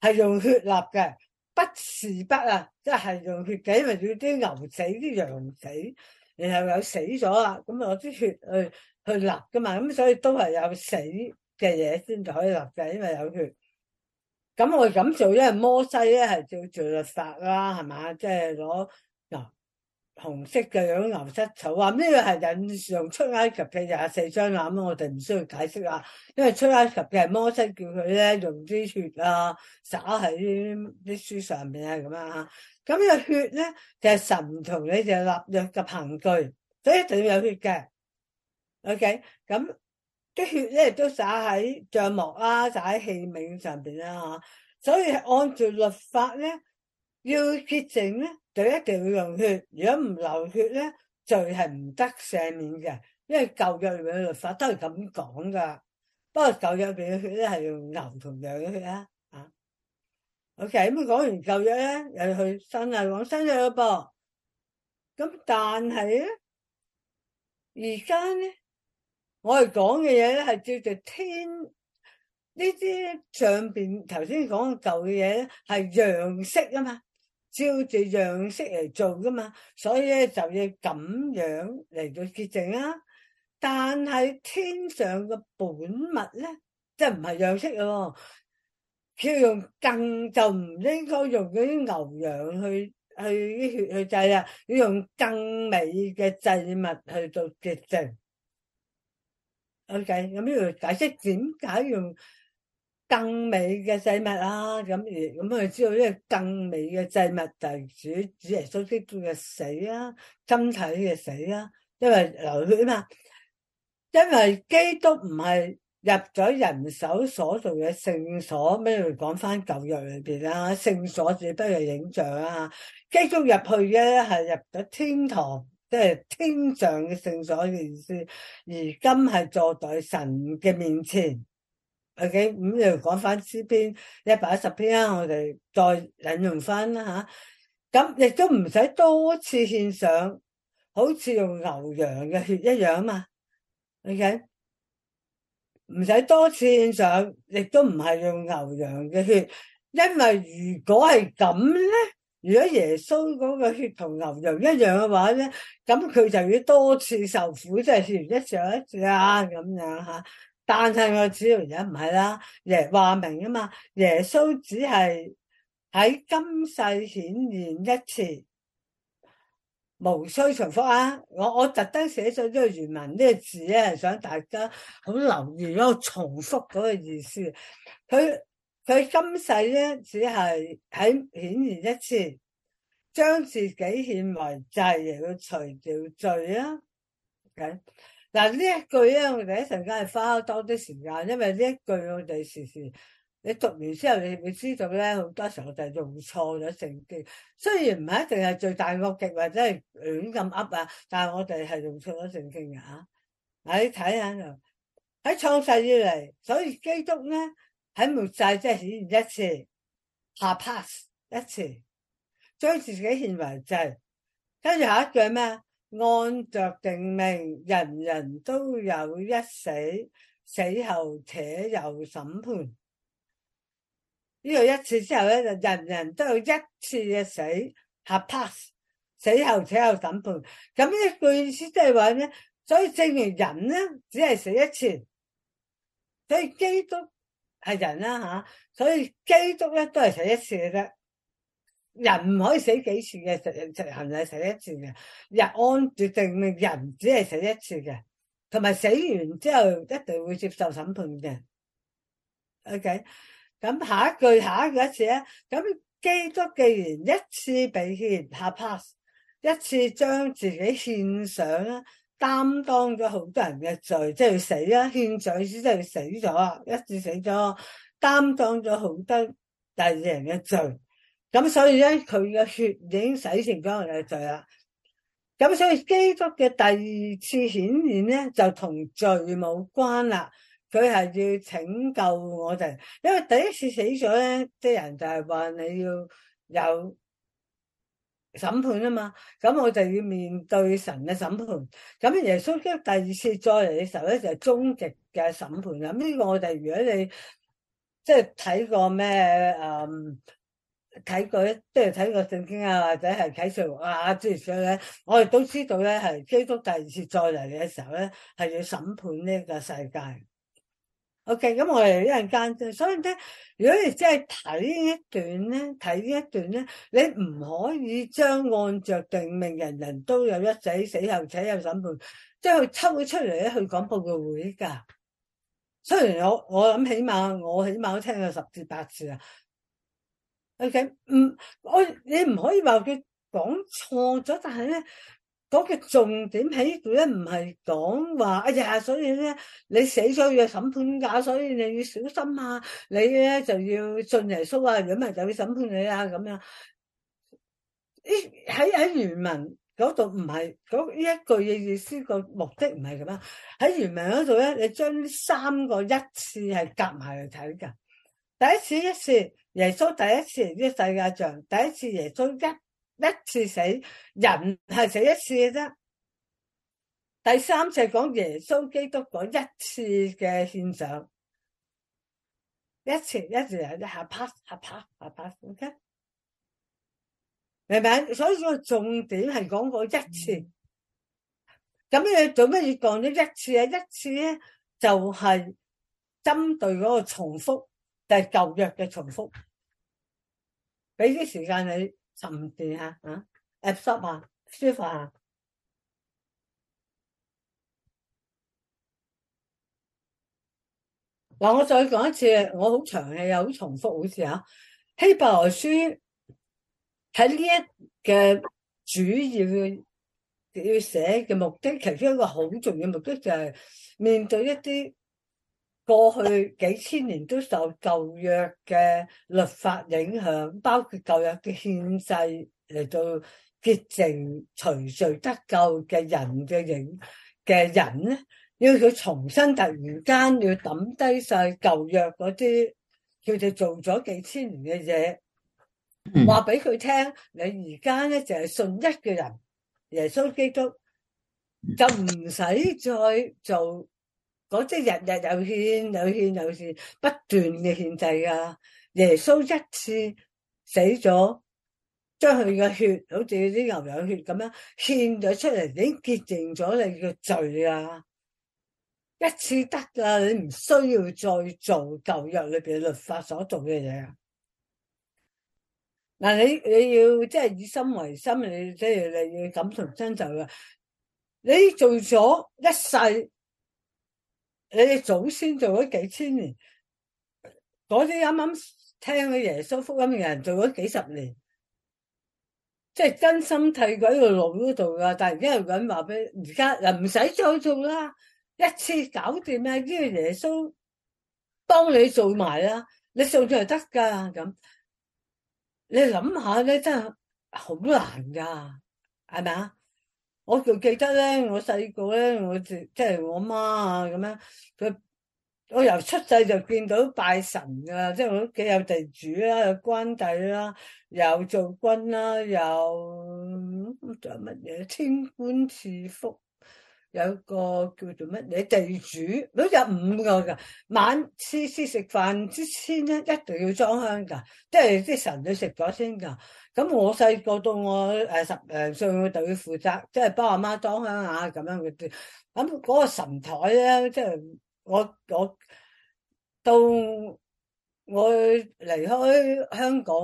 係用血立嘅，不是不啊，即係用血，因為要啲牛死、啲羊死，然後有死咗啊，咁攞啲血去去立噶嘛，咁所以都係有死嘅嘢先就可以立嘅，因為有血。咁我咁做，因為摩西咧係做做律法啦，係嘛，即係攞。紅色嘅羊牛膝草啊！呢個係引上出埃及嘅廿四章眼，我哋唔需要解釋啦。因為出埃及係摩西叫佢咧用啲血啊，灑喺啲書上邊係咁樣吓。咁個血咧就神同你就立約嘅憑據，所以一定要有血嘅。OK，咁啲血咧都灑喺帳幕啦，灑喺器皿上邊啦吓。所以按照律法咧要潔淨咧，就一定要用血，如果唔流血咧，罪係唔得赦免嘅，因為舊約裏面嘅律法都係咁講噶。不過舊約裏面嘅血咧係用牛同羊嘅血啊，啊，OK 咁。講完舊約咧，又要去新啊，講新約啦噃。咁但係咧，而家咧，我哋講嘅嘢咧係叫做天呢啲上邊頭先講舊嘅嘢咧係樣式啊嘛。照住樣式嚟做噶嘛，所以咧就要咁樣嚟到潔淨啊。但係天上嘅本物咧，即係唔係樣式咯，要用更就唔應該用嗰啲牛羊去去啲血去制啦，要用更美嘅祭物去做潔淨。OK，咁呢度解釋點解用。更美嘅祭物啦、啊，咁咁佢知道，呢個更美嘅祭物就是主主耶穌基督嘅死啊，身體嘅死啊，因為流血啊嘛，因為基督唔係入咗人手所做嘅聖所，咩、啊？如講翻舊約裏邊啦，聖所只不過影像，啊，基督去的是入去嘅係入咗天堂，即、就、係、是、天上嘅聖所嘅意思，而今係坐在神嘅面前。OK，咁又講翻呢篇一百一十篇啊，我哋再引用翻啦吓。咁亦都唔使多次獻上，好似用牛羊嘅血一樣啊嘛。OK，唔使多次獻上，亦都唔係用牛羊嘅血，因為如果係咁咧，如果耶穌嗰個血同牛羊一樣嘅話咧，咁佢就要多次受苦，即係一次一次咁樣吓。但係我主要原因唔係啦，耶話明啊嘛，耶穌只係喺今世顯現一次，無需重複啊！我我特登寫咗呢個原文呢個字咧，是想大家好留意咯，重複嗰個意思。佢佢今世咧只係喺顯現一次，將自己獻為祭嚟去除掉罪啊！咁。嗱，呢一句咧，我哋一陣間係花多啲時間，因為呢一句我哋時時你讀完之後，你會知道咧，好多時候我哋就係用錯咗聖經。雖然唔係一定係最大惡極或者係亂咁噏啊，但係我哋係用錯咗聖經嘅吓。你睇下就喺創世以嚟，所以基督咧喺末世即係顯現一次，下 pass 一次，將自己獻為祭，跟住下一句咩？按着定命，人人都有一死，死後且有審判。呢個一次之後咧，人人都有一次嘅死，合 pass，死後且有審判。咁呢一句意思即係話呢，所以證明人咧，只係死一次。所以基督係人啦，啊，吓，所以基督咧都係死一次嘅。人唔可以死幾次嘅，實實行係死一次嘅，日安決定命人只係死一次嘅，同埋死完之後一定會接受審判嘅。O K，咁下一句，下一句一次咧，咁基督既然一次俾獻下 pass，一次將自己獻上啦，擔當咗好多人嘅罪，即係死啦、啊，獻罪即係死咗，一次死咗，擔當咗好多第二人嘅罪。咁所以咧，佢嘅血已經洗成咗我哋嘅罪啦。咁所以基督嘅第二次顯現咧，就同罪冇關啦。佢係要拯救我哋，因為第一次死咗咧，啲人就係話你要有審判啊嘛。咁我就要面對神嘅審判。咁耶穌基督第二次再嚟嘅時候咧，就係終極嘅審判啦。呢個我哋如果你即係睇過咩誒？就是睇過咧，即係睇過聖經啊，或者係睇上啊之前上咧，我哋都知道咧，係基督第二次再嚟嘅時候咧，係要審判呢個世界。OK，咁我哋一陣間，所以咧，如果你真係睇一段咧，睇呢一段咧，你唔可以將按着定命，人人都有一死，死後且有審判，即係佢抽咗出嚟咧去講報告會噶。雖然我我諗起碼我起碼都聽咗十至八次啊。O.K. 唔我你唔可以話佢講錯咗，但係咧講嘅重點喺度咧，唔係講話哎呀，所以咧你死咗要審判噶，所以你要小心呢要啊！你咧就要進嚟叔啊，如果唔係就要審判你啊咁樣。呢喺喺原文嗰度唔係嗰呢一句嘅意思，個目的唔係咁啊！喺原文嗰度咧，你將呢三個一次係夾埋嚟睇嘅，第一次一次。耶穌第一次嚟呢個世界上，第一次耶穌一一次死，人係死一次嘅啫。第三次講耶穌基督講一次嘅獻上，一次一次一下啪下啪下啪，OK，明唔明？所以我重點係講嗰一次。咁你做咩要講咗一次啊？一次咧就係針對嗰個重複。係舊約嘅重複，俾啲時間你沉澱下，啊，absorb 啊，抒發下。嗱、啊，我再講一次，我好長氣，又好重複，好似啊。希伯來書喺呢一嘅主要要寫嘅目的，其中一個好重要嘅目的就係面對一啲。過去幾千年都受舊約嘅律法影響，包括舊約嘅憲制嚟到潔淨除罪得救嘅人嘅影嘅人咧，要佢重新突然間要抌低晒舊約嗰啲，佢哋做咗幾千年嘅嘢，話俾佢聽，你而家咧就淨係信一個人耶穌基督，就唔使再做。我即係日日有獻，有獻，有獻，不斷嘅獻祭啊！耶穌一次死咗，將佢嘅血好似啲牛羊血咁樣獻咗出嚟，已經潔淨咗你嘅罪啊！一次得㗎，你唔需要再做舊約裏邊嘅律法所做嘅嘢。嗱，你你要即係以心為心，你即係你要感同身受啊！你做咗一世。你祖先做咗幾千年，嗰啲啱啱聽咗耶穌福音嘅人做咗幾十年，即係根深蒂固喺個腦嗰度噶。但係而家又揾話俾，而家又唔使再做啦，一次搞掂啦，因為耶穌幫你做埋啦，你做就係得噶咁。你諗下咧，真係好難噶，係咪啊？我仲記得咧，我細個咧，我即係我媽啊咁樣，佢我由出世就見到拜神噶，即係我屋企有地主啦，有關帝啦，有做軍啦，又仲有乜嘢天官賜福，有個叫做乜嘢地主，都有五個噶，晚先先食飯之先咧，一定要裝香噶，即係啲神你食咗先噶。咁我細個到我誒十零歲就要負責，即係幫阿媽裝香下。咁樣嘅。咁嗰個神台咧，即係我我到我離開香港，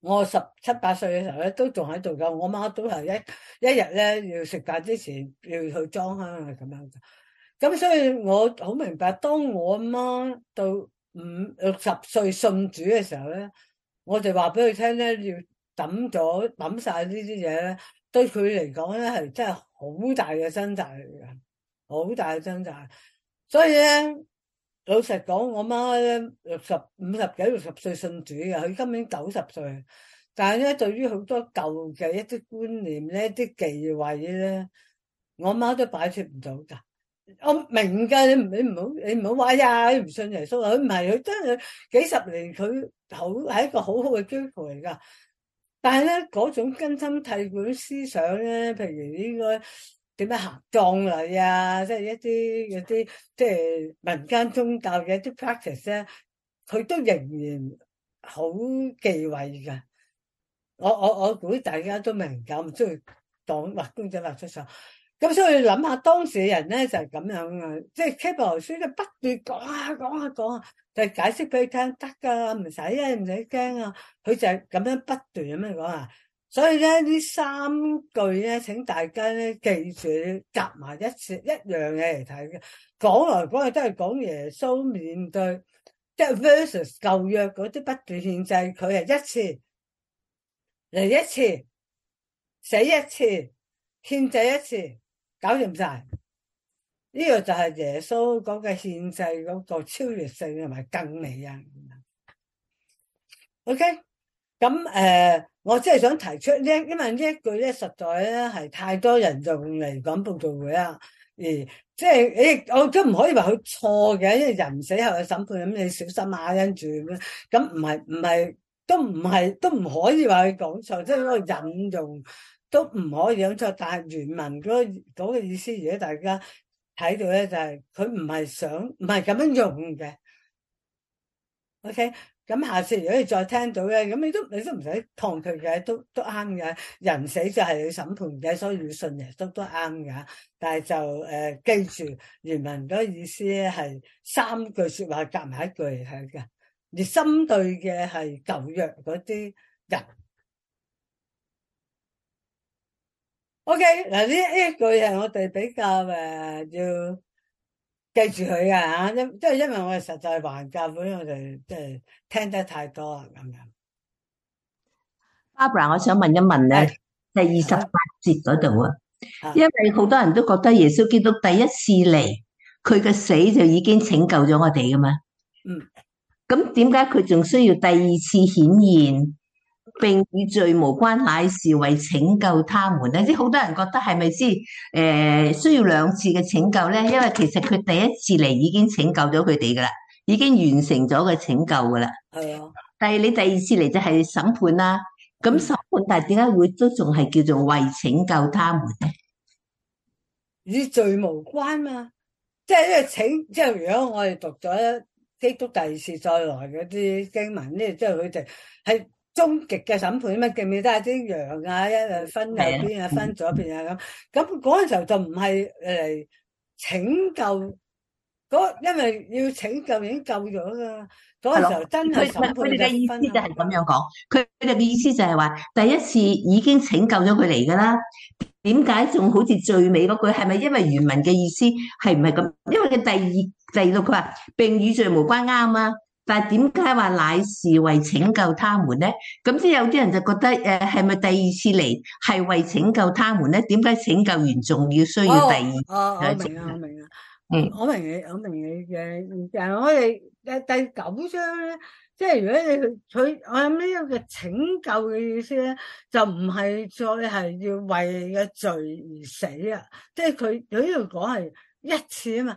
我十七八歲嘅時候咧，都仲喺度㗎。我媽都係一一日咧要食飯之前要去裝香啊咁樣。咁所以我好明白，當我阿媽到五六十歲信主嘅時候咧。我哋話俾佢聽咧，要抌咗抌晒呢啲嘢咧，對佢嚟講咧，係真係好大嘅掙扎嚟嘅，好大嘅掙扎。所以咧，老實講，我媽咧六十五十幾、六十歲信主嘅，佢今年九十歲。但係咧，對於好多舊嘅一啲觀念咧、一啲忌諱咧，我媽都擺脫唔到噶。我明噶，你你唔好你唔好話呀，你唔信耶穌，佢唔係佢真係幾十年佢。好係一個好好嘅機會嚟噶，但係咧，嗰種根深蒂固思想咧，譬如呢個點樣行葬禮啊，即係一啲啲即係民間宗教嘅一啲 practice 咧，佢都仍然好忌諱噶。我我我估大家都明㗎，唔使畫公仔畫出腸。咁所以諗下當時嘅人咧就係咁樣啊，即係基督耶穌咧不斷講啊講啊講啊，就解釋俾佢聽得噶，唔使啊，唔使驚啊，佢就係咁樣不斷咁樣講啊。所以咧呢三句咧，請大家咧記住夾埋一次一樣嘢嚟睇嘅，講嚟講去都係講耶穌面對，即係 versus 舊約嗰啲不斷獻祭，佢係一次嚟一次死一次獻祭一次。搞掂晒呢個就係耶穌講嘅現世嗰個超越性同埋更美啊。OK，咁誒，我即係想提出咧，因為呢一句咧實在咧係太多人用嚟講報道會啦。而即係誒，我都唔可以話佢錯嘅，因為人死後嘅審判咁，你小心啊，跟住咁，咁唔係唔係都唔係都唔可以話佢講錯，即係嗰個引用。都唔可以咁做，但係原文嗰，嗰個意思，如果大家睇到咧，就係佢唔係想，唔係咁樣用嘅。OK，咁下次如果你再聽到咧，咁你都你都唔使抗拒嘅，都都啱嘅。人死就係要審判嘅，所以信耶穌都啱嘅。但係就誒記住原文嗰個意思咧，係三句説話夾埋一句嚟係嘅，而針對嘅係舊約嗰啲人。O K，嗱呢一句係我哋比較誒要記住佢啊，吓，因即係因為我哋實在凡教本，我哋都聽得太多啦。咁樣，Barbara，我想問一問咧，的第二十八節嗰度啊，因為好多人都覺得耶穌基督第一次嚟，佢嘅死就已經拯救咗我哋噶嘛？嗯，咁點解佢仲需要第二次顯現？並與罪無關，乃是為拯救他們咧。啲好多人覺得係咪先？誒、呃，需要兩次嘅拯救咧？因為其實佢第一次嚟已經拯救咗佢哋噶啦，已經完成咗嘅拯救噶啦。係啊，但係你第二次嚟就係審判啦。咁審判，但係點解會都仲係叫做為拯救他們咧？與罪無關嘛，即係因為請，即係如果我哋讀咗基督第二次再來嗰啲經文咧，即係佢哋係。終極嘅審判啊嘛，記唔記得？係啲羊啊，一分右邊啊，分左邊啊咁。咁嗰陣時候就唔係嚟拯救，因為要拯救已經救咗噶啦。嗰個時候真係審判。佢佢嘅意思就係咁樣講，佢佢哋嘅意思就係話，第一次已經拯救咗佢嚟噶啦。點解仲好似最尾嗰句？係咪因為原文嘅意思係唔係咁？因為佢第二第二六佢話，並與罪無關啱啊。但係點解話乃是為拯救他們咧？咁即有啲人就覺得誒，係咪第二次嚟係為拯救他們咧？點解拯救完仲要需要第二次？哦、啊，我明啦，我明啦，嗯，我明白你，我明嘅，我明你嘅，就係我哋第第九章咧，即係如果你佢，我諗呢一個拯救嘅意思咧，就唔係再係要為嘅罪而死啊，即係佢呢度講係一次啊嘛。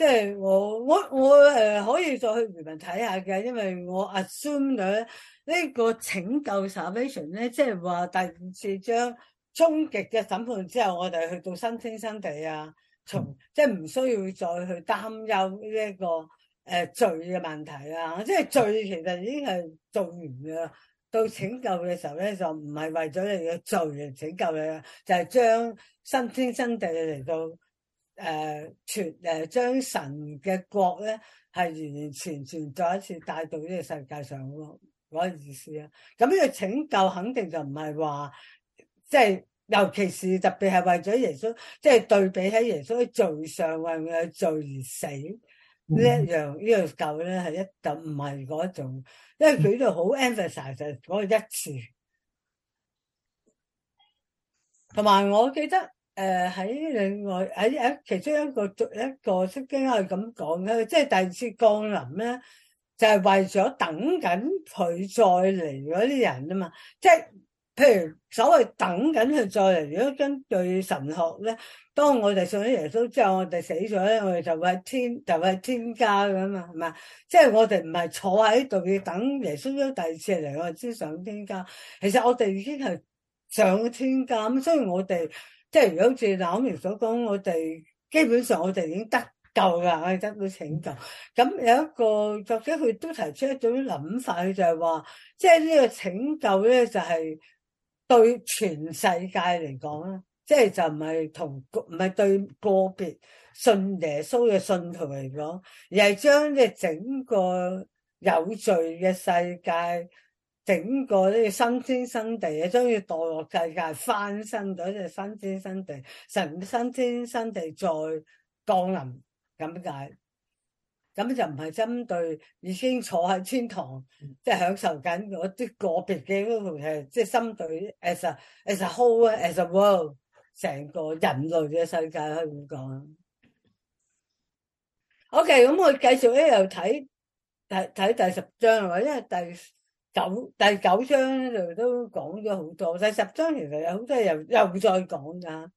即係我我我誒、呃、可以再去原文睇下嘅，因為我 assume 呢呢個拯救 salvation 咧，即係話第二次將終極嘅審判之後，我哋去到新天新地啊，從即係唔需要再去擔憂呢、這、一個誒、呃、罪嘅問題啊，即係罪其實已經係做完嘅，到拯救嘅時候咧，就唔係為咗你嘅罪嚟拯救你，就係、是、將新天新地嚟到。誒，傳誒、啊，將神嘅國咧係完完全全再一次帶到呢個世界上咯，嗰、那個、意思啊，咁呢個拯救肯定就唔係話即係，尤其是特別係為咗耶穌，即、就、係、是、對比喺耶穌啲罪上，為佢嘅罪而死呢、嗯、一樣個呢一個救咧係一就唔係嗰一種，因為佢就好 emphasize 就嗰一次，同埋我記得。誒，喺、呃、另外喺一其中一個一個聖經係咁講嘅。即、就、係、是、第二次降臨咧，就係、是、為咗等緊佢再嚟嗰啲人啊嘛。即、就、係、是、譬如所謂等緊佢再嚟，如果根據神學咧，當我哋信咗耶穌之後，我哋死咗咧，我哋就係天就係天家噶嘛，係嘛？即、就、係、是、我哋唔係坐喺度要等耶穌耶穌第二次嚟，我哋先上天家。其實我哋已經係上咗天家咁，所以我哋。即係，如果好似林明所講，我哋基本上我哋已經得救噶，我哋得到拯救。咁有一個作者佢都提出一種諗法，佢就係話，即係呢個拯救咧，就係對全世界嚟講啦，即係就唔係同唔係對個別信耶穌嘅信徒嚟講，而係將即係整個有罪嘅世界。整個呢個新天新地，將要墮落世界翻身到只新天新地，成新天新地再降臨咁解，咁就唔係針對已經坐喺天堂，即係享受緊嗰啲個別嘅，即係即係針對 as as a whole as a world 成個人類嘅世界可以咁講。OK，咁我繼續咧又睇第睇第十章，因為第。九，第九章咧就都講咗好多，第十章其實有好多又又再講噶。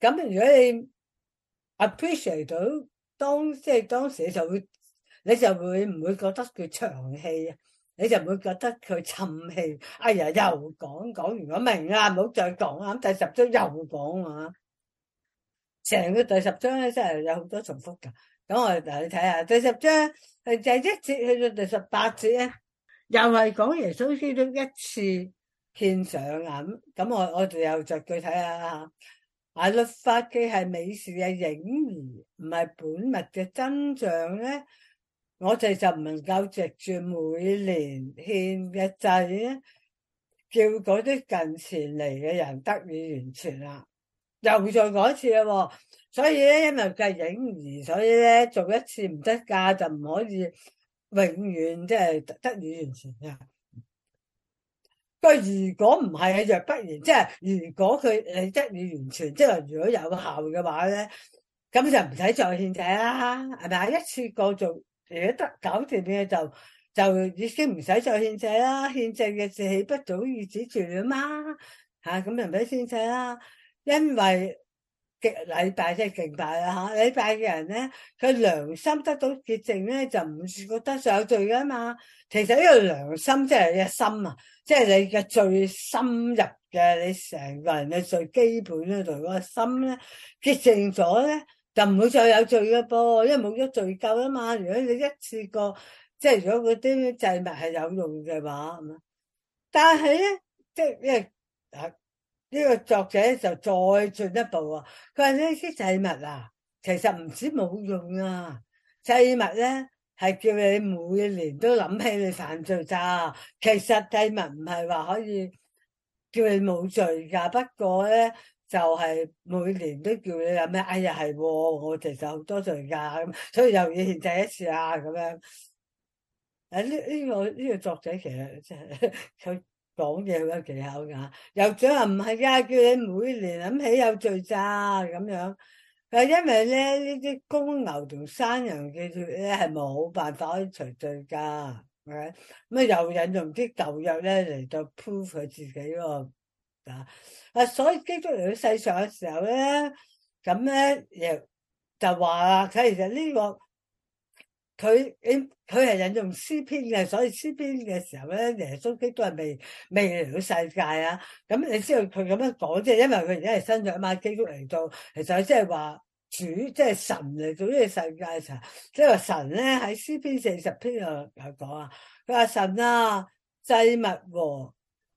咁如果你 appreciate 到，當即係、就是、當時，就會你就會唔會覺得佢長氣，你就唔會覺得佢沉氣。哎呀，又講講完我明啦，唔好再講啦。咁第十章又講啊，成個第十章咧真係有好多重複噶。咁我哋，你睇下第十章係就係一節去到第十八節咧，又係講耶穌基督一次獻上咁。咁我我哋又逐句睇下啦，阿律法既係美事嘅影兒，唔係本物嘅真相咧。我哋就唔能夠藉住每年獻嘅祭咧，叫嗰啲近前嚟嘅人得以完全啦。又再講一次啦，哦。所以咧，因為佢係影兒，所以咧做一次唔得架，就唔可以永遠即係得以完全嘅。佢如果唔係，若不然，即係如果佢你得以完全，即係如果有效嘅話咧，咁就唔使再獻祭啦，係咪啊？一次過做，如果得搞掂嘅就就已經唔使再獻祭啦。獻祭嘅事，豈不早已止住嘛？嚇，咁就唔使獻祭啦，因為。禮拜即係敬拜啦吓，禮拜嘅人咧，佢良心得到潔淨咧，就唔覺得上有罪噶嘛。其實呢個良心即係你嘅心啊，即係你嘅最深入嘅，你成個人嘅最基本嗰同嗰個心咧，潔淨咗咧，就唔會再有罪嘅噃。因為冇咗罪疚啊嘛。如果你一次過，即係如果嗰啲祭物係有用嘅話，但係咧，即係誒。呢個作者就再進一步啊。佢話呢啲祭物啊，其實唔止冇用啊，祭物咧係叫你每一年都諗起你犯罪咋，其實祭物唔係話可以叫你冇罪㗎，不過咧就係、是、每年都叫你諗咩，哎呀係，我其實好多罪㗎咁，所以又以前第一次啊咁樣。誒呢呢個呢、呢個作者其實真係佢。呵呵他講嘢嘅技巧嘅吓，又再話唔係嘅，叫你每年諗起有罪咋咁樣。誒，因為咧呢啲公牛同山羊嘅血咧係冇辦法除罪噶，係咁啊，又引用啲舊約咧嚟到 prove 佢自己咯。啊，啊所以基督嚟到世上嘅時候咧，咁咧又就話啦，其實呢、這個佢佢係引用詩篇嘅，所以詩篇嘅時候咧，耶穌基督都係未未嚟到世界啊。咁你知道佢咁樣講，即係因為佢而家係身上啊嘛，基督嚟到，其實即係話主，即係神嚟到呢個世界嘅時候，即係話神咧喺詩篇四十篇又係講啊，佢話神啊祭物和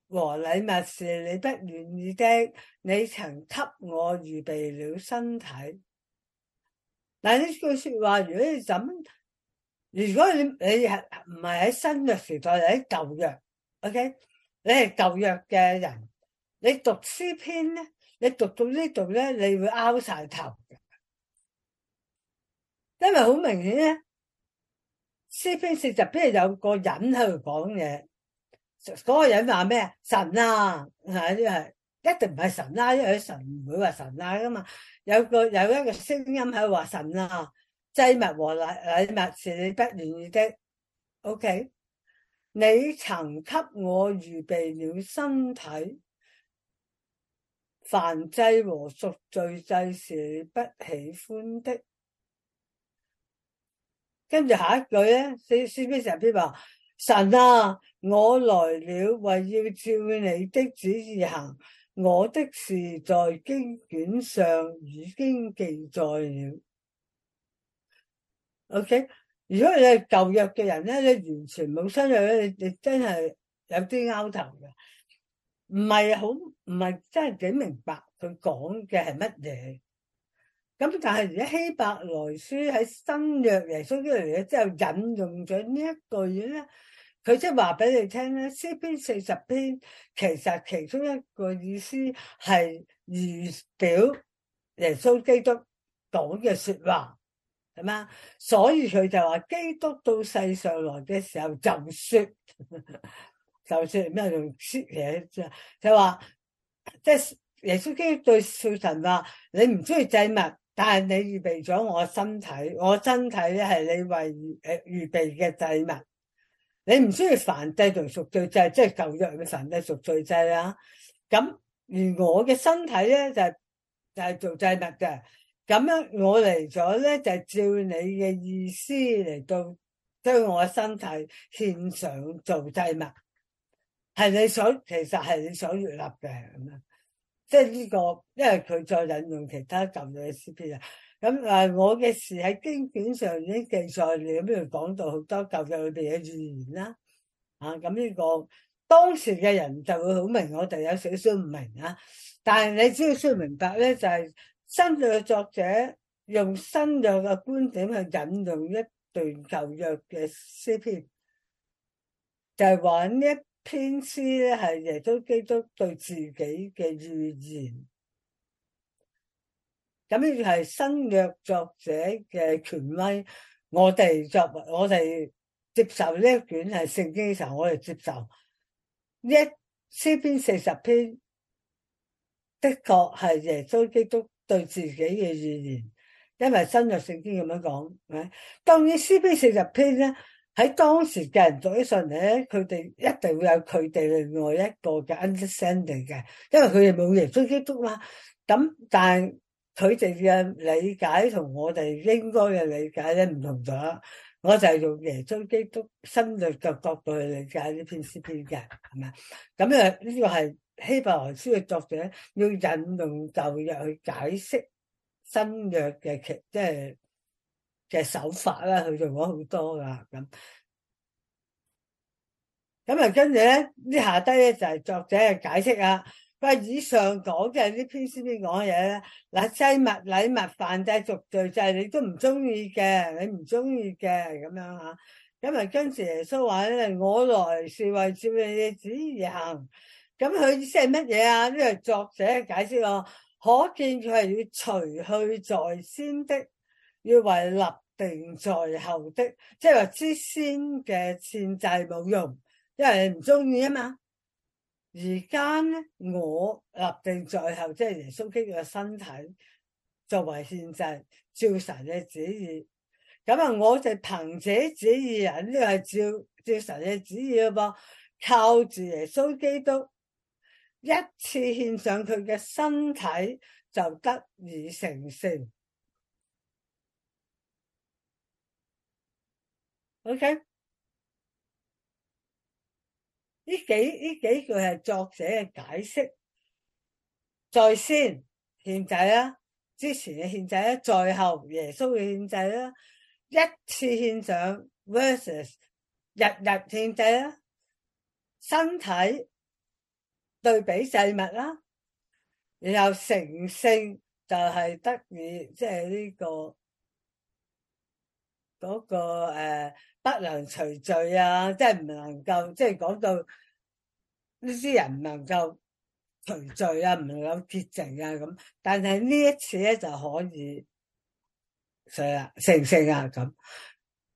和禮物是你不願意的，你曾給我預備了身體。但呢句說話，如果你怎？如果你你係唔係喺新約時代，喺舊約，OK，你係舊約嘅人，你讀詩篇咧，你讀到呢度咧，你會拗晒頭嘅，因為好明顯咧，詩篇四十篇係有個人喺度講嘢，嗰、嗰個人話咩啊？神啊，係即係一定唔係神啦、啊，因為神唔會話神啊噶嘛，有個有一個聲音喺度話神啊。祭物和禮禮物是你不願意的，OK？你曾給我預備了身體，凡祭和贖罪祭是你不喜歡的。跟住下一句咧，斯斯賓士撇話：神啊，我來了，為要照你的旨意行。我的事在經卷上已經記載了。O.K.，如果你係舊約嘅人咧，你完全冇新約咧，你真係有啲拗頭嘅，唔係好，唔係真係幾明白佢講嘅係乜嘢。咁但係而家希伯來書喺新約耶穌呢樣嘢，即係引用咗呢一句嘢咧，佢即係話俾你聽咧，詩篇四十篇其實其中一個意思係預表耶穌基督講嘅說話。係嘛？所以佢就話基督到世上來嘅時候就說，就說咩用說嘢啫？就話即係耶穌基督對父神話：你唔需要祭物，但係你預備咗我身體，我身體咧係你為誒預備嘅祭物。你唔需要燔祭同贖罪祭，即係舊約嘅神嘅贖罪祭、啊、咁而我嘅身體咧就係、是、就係、是、做祭物嘅。咁樣我嚟咗咧，就照、是、你嘅意思嚟到對我身體獻上做祭物，係你想，其實係你想預立嘅。咁樣即係呢個，因為佢再引用其他舊嘅詩篇啊。咁我嘅事喺經典上已經記載，你邊度講到好多舊嘅裏邊嘅預言啦、啊。啊，咁呢、這個當時嘅人就會好明，我哋有少少唔明啦、啊。但係你只要需要明白咧，就係、是。新約作者用新約嘅觀點去引用一段舊約嘅詩篇，就係話呢一篇詩咧係耶穌基督對自己嘅預言。咁呢係新約作者嘅權威，我哋作為我哋接受呢一卷係聖經嘅時候，我哋接受呢一詩篇四十篇的確係耶穌基督對自己嘅預言，因為新約聖經咁樣講。當然詩篇四十篇咧，喺當時嘅人讀起上嚟咧，佢哋一定會有佢哋另外一個嘅 understanding 嘅，因為佢哋冇耶穌基督啦。咁但係佢哋嘅理解同我哋應該嘅理解咧，唔同咗。我就係用耶穌基督新約嘅角度去理解呢篇詩篇嘅，係咪？咁啊呢個係。希伯來書嘅作者要引用舊約去解釋新約嘅其即係嘅手法啦，佢用咗好多噶，咁。咁啊，跟住咧啲下低咧就係作者嘅解釋啊。不以上講嘅呢篇先篇講嘅嘢咧，嗱，祭物、禮物、犯罪、贖罪祭，就係你都唔中意嘅，你唔中意嘅咁樣吓。咁啊，跟住耶穌話咧，我來是為照你嘅旨意行。咁佢意思係乜嘢啊？呢個作者解釋哦，可見佢係要除去在先的，要為立定在後的，即係話之先嘅憲制冇用，因為你唔中意啊嘛。而家呢，我立定在後，即係耶穌基督嘅身體作為憲制，照神嘅旨意。咁啊，我就憑著旨意，人呢，係照照神嘅旨意啊，嘛，靠住耶穌基督。一次獻上佢嘅身體就得以成聖。OK，呢幾呢幾句係作者嘅解釋。在先獻祭啦，之前嘅獻祭啦，在後耶穌嘅獻祭啦，一次獻上 versus 日日獻祭啦，身體。對比祭物啦，啊，然後成聖，就係得以。即係呢個嗰，那個誒，呃，不能贖罪啊，即係唔能夠，即係講到呢啲人唔能夠贖罪啊，唔能夠潔淨啊咁。但係呢一次咧就可以，係啦，啊，成聖啊咁。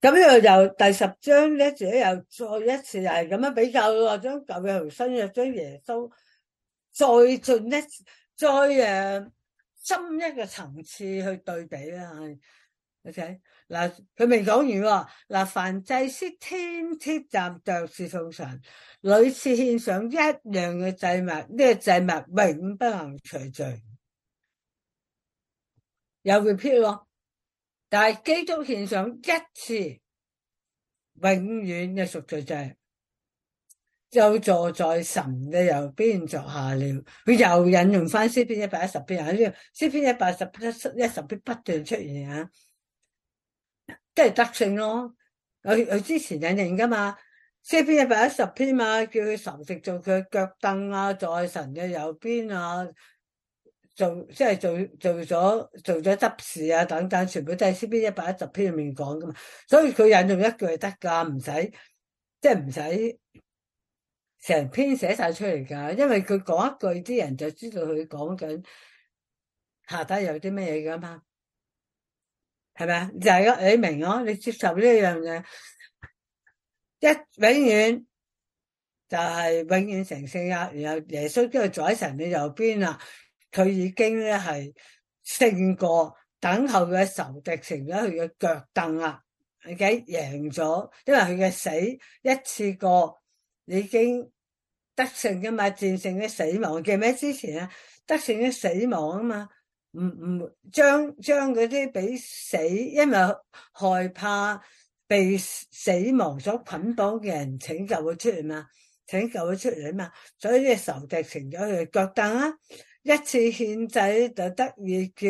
咁呢度又由第十章呢？自己又再一次又係咁樣比較，將舊嘅同新約，將耶穌再進一再誒深、啊、一個層次去對比啦。OK 嗱，佢未講完喎。嗱，凡祭司天天站着，事奉神，屢次獻上一樣嘅祭物，呢、這個祭物永不能除罪，有 repeat 喎、哦？但係基督獻上一次，永遠嘅贖罪祭，就是，就坐在神嘅右邊坐下了。佢又引用翻詩篇一百一十篇喺呢度，詩篇一百一十篇一十篇不斷出現啊，即係得勝咯。佢我，我之前引用噶嘛，詩篇一百一十篇啊，叫佢仇敵做佢腳凳啊，在神嘅右邊啊。做即係做做咗做咗執事啊等等，全部都係詩篇一百一十篇裏面講噶嘛，所以佢引用一句係得噶，唔使即係唔使成篇寫晒出嚟噶，因為佢講一句啲人就知道佢講緊下底有啲咩嘢噶嘛，係咪啊？就係、是、咯，你明咯、哦，你接受呢樣嘢，一永遠就係永遠成聖啊，然後耶穌都係坐喺神嘅右邊啊。佢已經咧係勝過等候佢嘅仇敵，成咗佢嘅腳凳啦。係幾贏咗？因為佢嘅死一次過已經得勝㗎嘛，戰勝啲死亡。記唔記得之前啊？得勝嘅死亡啊嘛，唔唔將將嗰啲俾死，因為害怕被死亡所捆綁嘅人拯救佢出嚟嘛，拯救佢出嚟嘛。所以咧仇敵成咗佢嘅腳凳啊！一次獻祭就得以叫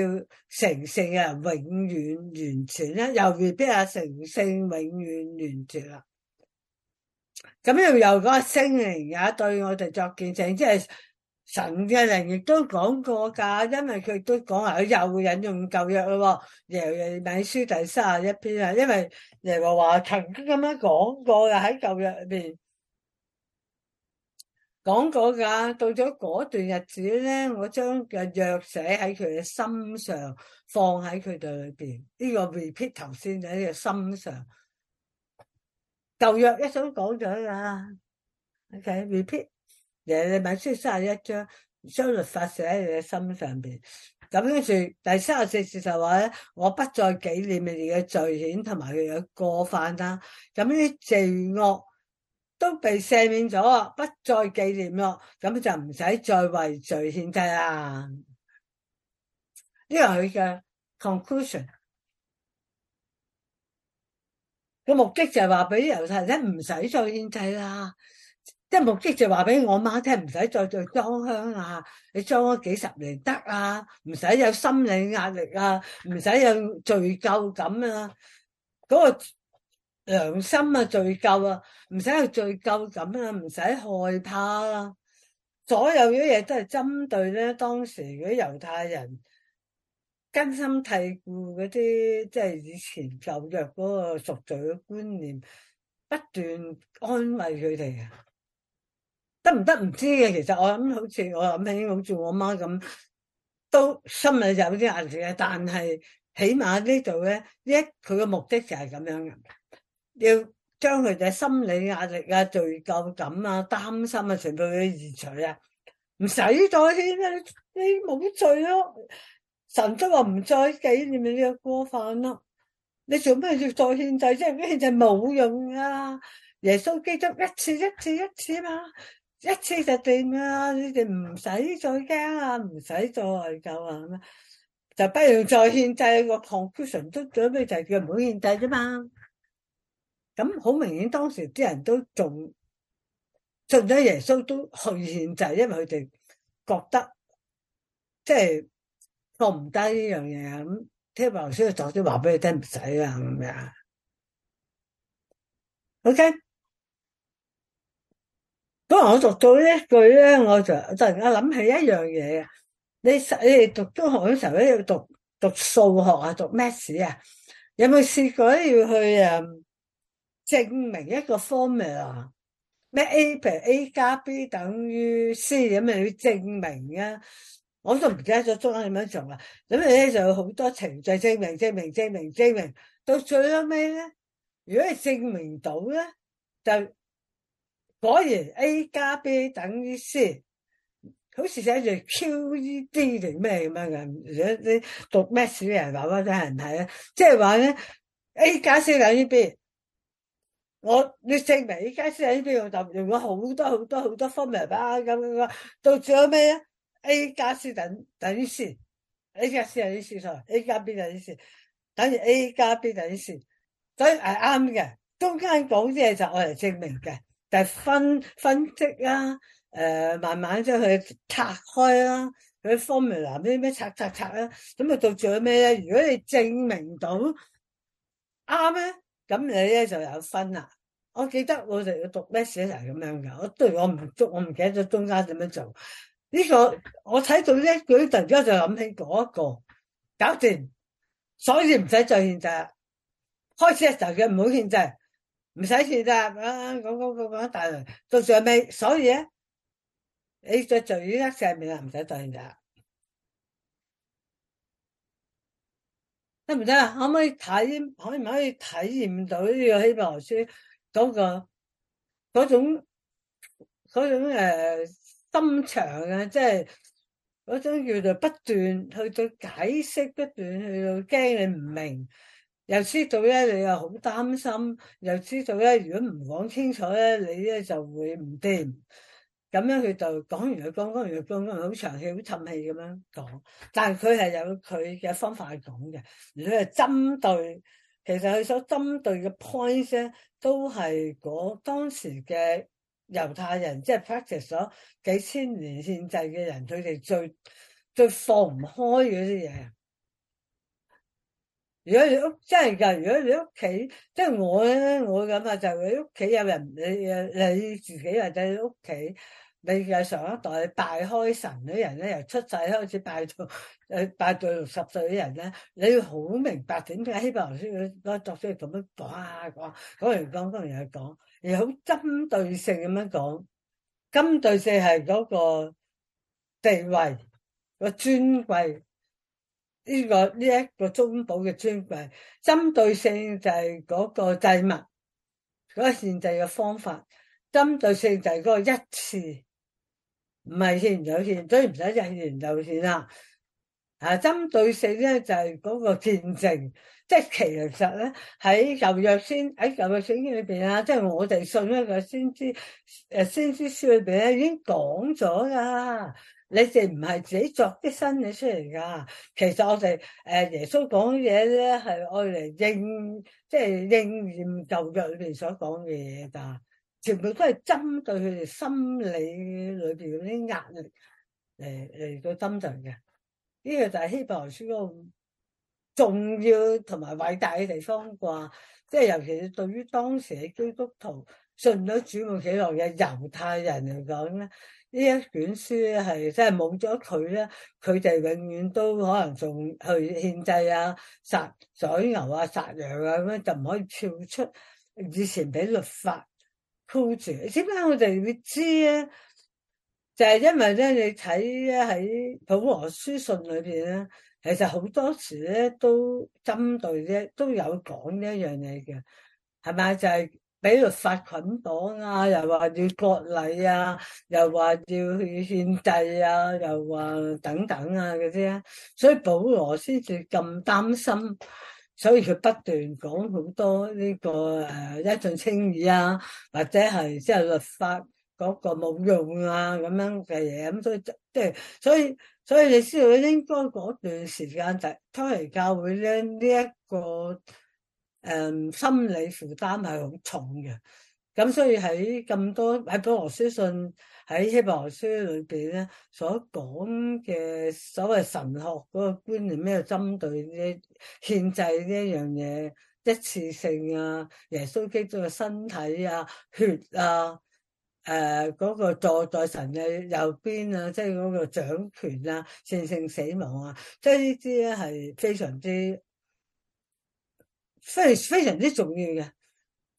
成聖嘅人，永遠完全啦，又未必成性又啊，成聖永遠完全啦。咁又又個聖靈也對我哋作見證，即係神嘅靈亦都講過噶，因為佢都講啊，佢又引用舊約咯，耶利米書第三十一篇啊，因為耶和華曾經咁樣講過嘅喺舊約入邊。講過噶，到咗嗰段日子咧，我將嘅約寫喺佢嘅心上，放喺佢哋裏邊。呢、這個 repeat 頭先就喺呢個心上，舊約一早講咗噶。OK，repeat，okay，耶利米書三十一章，將律法寫喺你嘅心上邊。咁跟住第三十四，事實話咧，我不再紀念你哋嘅罪愆同埋佢嘅過犯啦。咁呢啲罪惡。都被赦免咗，不再紀念咯，咁就唔使再為罪獻祭啦。呢個佢嘅 conclusion 個目的就係話俾啲猶太人咧，唔使再獻祭啦，即係目的就話俾我媽聽唔使再再裝香啊，你裝咗幾十年得啊，唔使有心理壓力啊，唔使有罪疚感啊，嗰個。良心啊，罪疚啊，唔使去罪疚咁啊，唔使害怕啦、啊。所有啲嘢都係針對咧，當時嗰啲猶太人根深蒂固嗰啲，即係以前舊約嗰個贖罪嘅觀念，不斷安慰佢哋啊。得唔得唔知嘅，其實我諗好似我諗起好似我媽咁，都心裏有啲壓力嘅，但係起碼呢度咧，一佢嘅目的就係咁樣嘅。要將佢哋心理壓力啊、罪疚感啊、擔心啊，全部都移除啊！唔使再獻啦、啊，你冇罪咯、啊。神都話唔再紀念你個過犯啦、啊。你做咩要再獻祭啫？呢獻祭冇用噶、啊。耶穌基督一次一次一次嘛，一次就定啦、啊。你哋唔使再驚啊，唔使再救啊，啊，就不用再獻祭個狂。基督準備就係叫唔好獻祭啫嘛。咁好明顯，當時啲人都仲信咗耶穌，都去獻祭，因為佢哋覺得即係放唔低呢樣嘢咁。聽埋老師早啲話俾你聽唔使啊，係咪啊？OK，咁我讀到呢一句咧，我就突然間諗起一樣嘢啊！你你讀中學嘅時候咧，你要讀讀數學啊，讀 math 啊，有冇試過要去誒？證明一個 formula 咩 a a 加 b 等於 c 咁樣去證明啊？我都唔記得咗中三點樣做啦。咁你咧就有好多程序證明、證明、證明、證明，到最後尾咧，如果你證明到咧，就果然 a 加 b 等於 c，好似寫住 QED 定咩咁啊？如果啲讀咩小人爸爸都係唔睇啊。即係話咧，a 加 c 等於 b。我你證明，a 加先喺呢邊用用咗好多好多好多 formula 咁樣，到最後咩咧？A 加 C 等等於 C，A 加 C 係啲事實，A 加 b 等啲事，等於 A 加、這個、b、這個、等啲事、這個這個，所以係啱嘅。中間講啲嘢就我嚟證明嘅，但、就、係、是、分分析啦、啊，誒、呃，慢慢將佢拆開啦、啊，佢 formula 咩咩拆拆拆啦、啊，咁啊到最後咩咧？如果你證明到啱咧。咁你咧就有分啦。我記得我哋要讀咩寫成咁樣㗎。我對我唔足，我唔記得咗中間點樣做。呢個我睇到咧，佢突然之間就諗起嗰一個搞掂，所以唔使再獻祭。開始嘅時候佢唔好獻祭，唔使獻祭咁講咁講講，但到最後尾，所以咧，你就再做呢上面啊，唔使再獻祭。得唔得？可唔可以體？可唔可以體驗到呢個希伯來書嗰個嗰種嗰種、呃、心腸啊？即係嗰種叫做不斷去到解釋，不斷去到驚你唔明，又知道咧你又好擔心，又知道咧如果唔講清楚咧，你咧就會唔掂。咁樣佢就講完佢，講，講完佢，講，講好長氣好氹氣咁樣講。但係佢係有佢嘅方法去講嘅，佢係針對其實佢所針對嘅 point 咧，都係嗰當時嘅猶太人，即係 practice 咗幾千年獻制嘅人，佢哋最最放唔開嗰啲嘢。如果你屋真係噶，如果你屋企，即係我咧，我諗下就你屋企有人，你誒你自己或者屋企，你嘅上一代拜開神啲人咧，由出世開始拜到誒，拜到六十歲啲人咧，你要好明白點解希伯來書嗰作者同乜講啊講，講完講，當然又講，你好針對性咁樣講，針對性係嗰個地位個尊貴。呢、這個呢一、這個中保嘅尊貴，針對性就係嗰個祭物，嗰、那個獻祭嘅方法，針對性就係嗰個一次，唔係獻完又獻，所以唔使日日就獻啦。啊，針對性咧就係嗰個戰承，即係其實咧喺舊約先喺舊約聖經裏邊啊，即、就、係、是、我哋信一個先知，誒先知書裏邊咧已經講咗噶。你哋唔係自己作啲新嘢出嚟噶，其實我哋誒耶穌講嘢咧係愛嚟應，即係應驗舊約，是，裏邊所講嘅嘢噶，但全部都係針對佢哋心理裏邊嗰啲壓力嚟嚟去針對嘅。呢、這個就係希伯來書嗰個重要同埋偉大嘅地方啩，即、就、係、是、尤其是對於當時嘅基督徒信咗主冇幾耐嘅猶太人嚟講咧。呢一卷書咧，係真係冇咗佢咧，佢哋永遠都可能仲去獻祭啊、殺宰牛啊、殺羊啊咁樣，就唔可以跳出以前俾律法箍住。點解我哋會知咧？就係、是、因為咧，你睇喺保羅書信裏邊咧，其實好多時咧都針對呢，都，都有講呢一樣嘢嘅，係咪就係、是？俾律法捆綁啊，又話要割禮啊，又話要去獻祭啊，又話等等啊嗰啲啊，所以保羅先至咁擔心，所以佢不斷講好多呢個誒一陣清議啊，或者係即係律法嗰個冇用啊咁樣嘅嘢，咁所以即係所以所以你知道應該嗰段時間就初期教會咧呢一、這個。誒、嗯，心理負擔係好重嘅，咁所以喺咁多喺保羅書信喺希伯來書裏邊咧，所講嘅所謂神學嗰個觀念沒有針，咩針對呢獻祭呢一樣嘢一次性啊，耶穌基督嘅身體啊、血啊，誒、呃，嗰、那個坐在神嘅右邊啊，即係嗰個掌權啊、戰勝死亡啊，即係呢啲咧係非常之。非非常之重要嘅，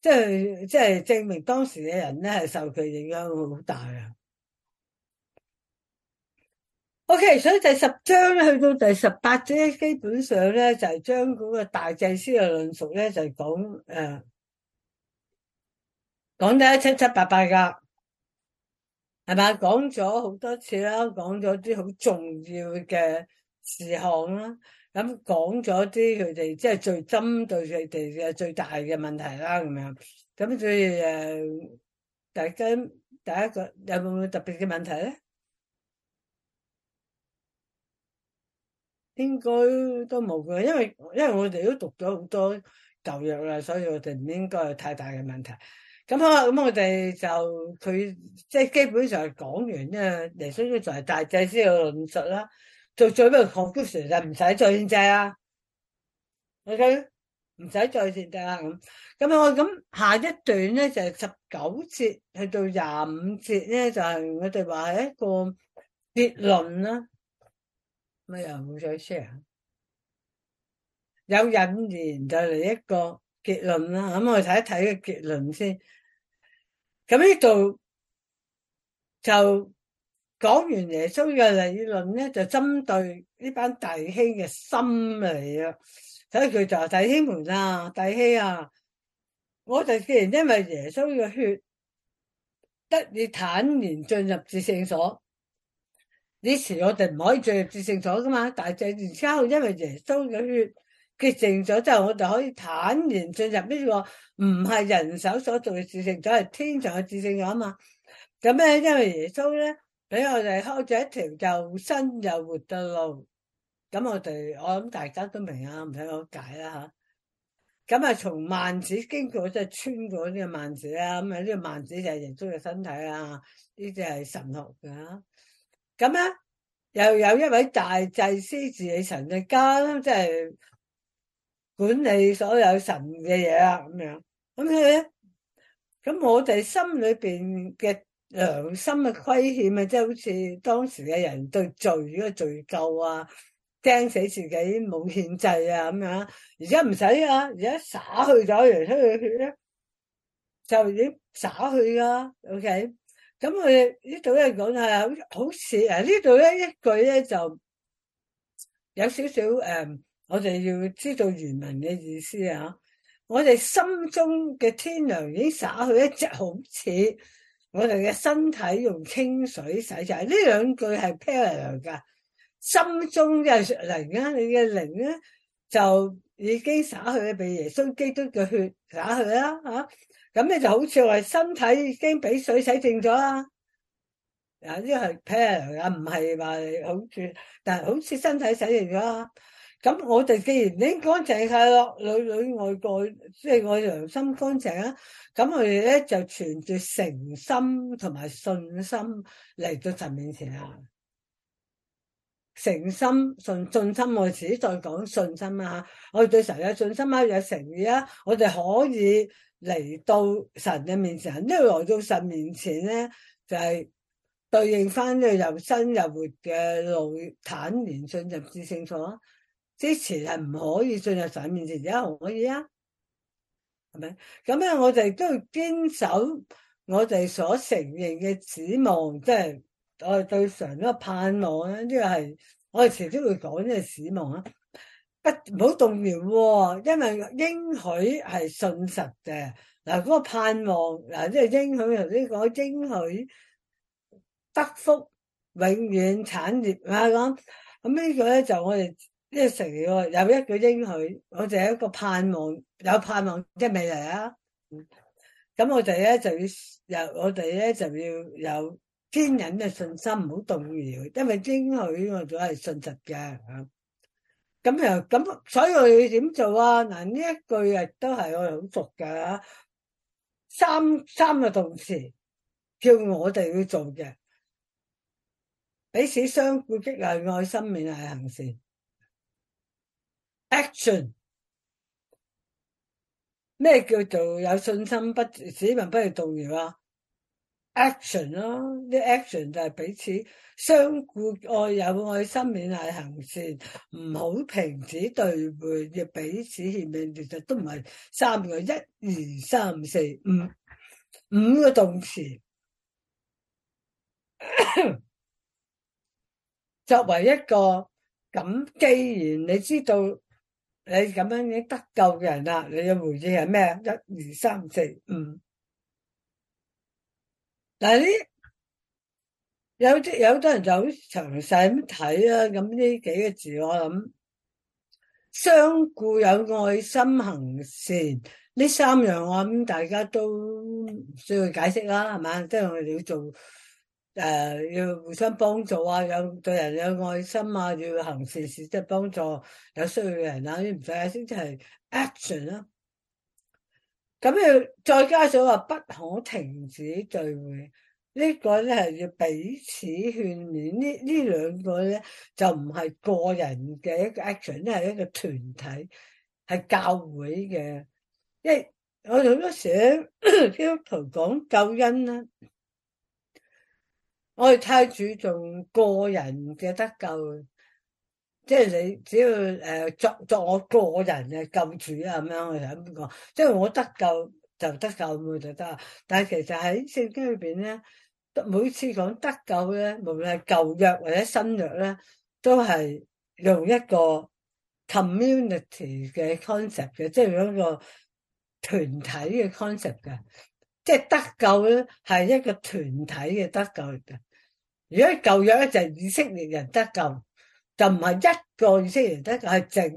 即係即係證明當時嘅人咧係受佢影響好大啊。OK，所以第十章咧去到第十八章，基本上咧就係將嗰個大祭司嘅論述咧就係講，誒，講、呃、講得七七八八噶係咪？講咗好多次啦，講咗啲好重要嘅事項啦。咁講咗啲佢哋即係最針對佢哋嘅最大嘅問題啦，咁樣咁所以誒，大家第一個有冇特別嘅問題咧？應該都冇嘅，因為因為我哋都讀咗好多舊約啦，所以我哋唔應該有太大嘅問題。咁啊，咁我哋就佢即係基本上講完咧，嚟，最終就係大祭司先有論述啦。就最屘學 gist 做唔使再獻祭啊，OK，唔使再獻祭啊咁。咁我咁下一段咧就係十九節去到廿五節咧就係我哋話係一個結論啦。咪又再 share 下，有引言就嚟，一個結論啦。咁我哋睇一睇個結論先。咁呢度就。講完耶穌嘅理論咧，就針對呢班弟兄嘅心嚟啊！所以佢就話：弟兄們啊，弟兄啊，我哋既然因為耶穌嘅血得以坦然進入至聖所，呢時我哋唔可以進入至聖所噶嘛？但係然之後，因為耶穌嘅血結成咗之後我哋可以坦然進入呢個唔係人手所做嘅至聖所，係天上嘅至聖所啊嘛！咁咧，因為耶穌咧。俾我哋開咗一條又新又活嘅路，咁我哋我諗大家都明啊，唔使我解啦吓。咁啊，從萬子經過即係、就是、穿過呢、那個萬子啦，咁啊呢個萬子就係耶穌嘅身體啦，呢只係神學嘅。咁咧又有一位大祭司治理神嘅家，即、就、係、是、管理所有神嘅嘢啦。咁樣咁佢咧，咁我哋心裏邊嘅良心嘅虧欠啊，即係好似當時嘅人對罪嗰個罪疚啊，驚死自己冇憲制啊咁樣，而家唔使啊，而家灑去咗人出去血咧，就已經灑去啊？OK，咁佢呢度咧講咧，好好似啊呢度咧一句咧就有少少誒，我哋要知道原文嘅意思啊，我哋心中嘅天良已經灑去一隻好似。我哋嘅身體用清水洗，就呢兩句係 parallel 噶心中嘅，嗱，而你嘅靈咧就已經灑去俾耶穌基督嘅血灑去啦吓，咁、啊、你就好似話身體已經俾水洗淨咗啦，嗱呢係 parallel 噶唔係話好似但係好似身體洗淨咗。咁我哋既然啲乾淨晒咯，裏裏外外即係我良心乾淨啊，咁我哋咧就存住誠心同埋信心嚟到神面前啊！誠心、信、信心，我自己再講信心啊，我哋對神有信心啊，有誠意啊，我哋可以嚟到神嘅面前啊！因為來到神面前咧，就係、是、對應翻呢又新又活嘅路坦然進入至聖所。之前係唔可以進入神面前，而家可以啊？係咪？咁咧，我哋都堅守我哋所承認嘅指望，即係我哋對常嘅盼望咧。呢、這個係我哋遲啲會講嘅指望啊！唔好動搖喎、哦，因為應許係信實嘅。嗱，嗰個盼望嗱，即、那、係、個、應許頭先講，應許得福永遠產業啊咁。咁呢個咧就我哋。呢個成個有一個應許，我哋一個盼望，有盼望即係未來啊！咁我哋咧就要，又我哋咧就要有堅忍嘅信心，唔好動搖，因為應許我哋係信實嘅。咁又咁，所以我哋點做啊？嗱，呢一句啊都係我哋好熟嘅。三三個動詞，叫我哋去做嘅，彼此相顧激勵，愛心勉勵行善，action，咩叫做有信心不市民不被動搖啊？action 咯，啲 action 就係彼此相顧愛有愛心，面係行善，唔好停止對會，亦彼此欠命。其實都唔係三個，一二三四五五個動詞。作為一個咁，既然你知道。你咁樣已經得救嘅人啦，你嘅回應係咩？一二三四五。但係呢，啲有啲有啲人就好詳細咁睇啦。咁呢幾個字我諗，相顧有愛心行善呢三樣，我諗大家都唔需要解釋啦，係嘛，即係我哋要做。誒、呃，要互相幫助啊，有對人有愛心啊，要行善事，事實幫助，即係幫助有需要嘅人啊你啲唔使嘅先，即係 action 啦、啊。咁要再加上話不可停止聚會，這個、呢個咧係要彼此勸勉。兩個呢，呢兩個咧就唔係個人嘅一個 action，咧係一個團體，係教會嘅。因為我哋好多時喺基督徒講救恩啦。我哋太注重個人嘅得救，即係你只要誒作作我個人嘅救主咁樣，我就咁講。即係我得救就得救，咁就得啦。但係其實喺聖經裏邊咧，每次講得救咧，無論係舊約或者新約咧，都係用一個 community 嘅 concept 嘅，即係用一個團體嘅 concept 嘅。即係得救咧係一個團體嘅得救嚟嘅。如果舊約咧，就以色列人得救，就唔係一個以色列人得救，係整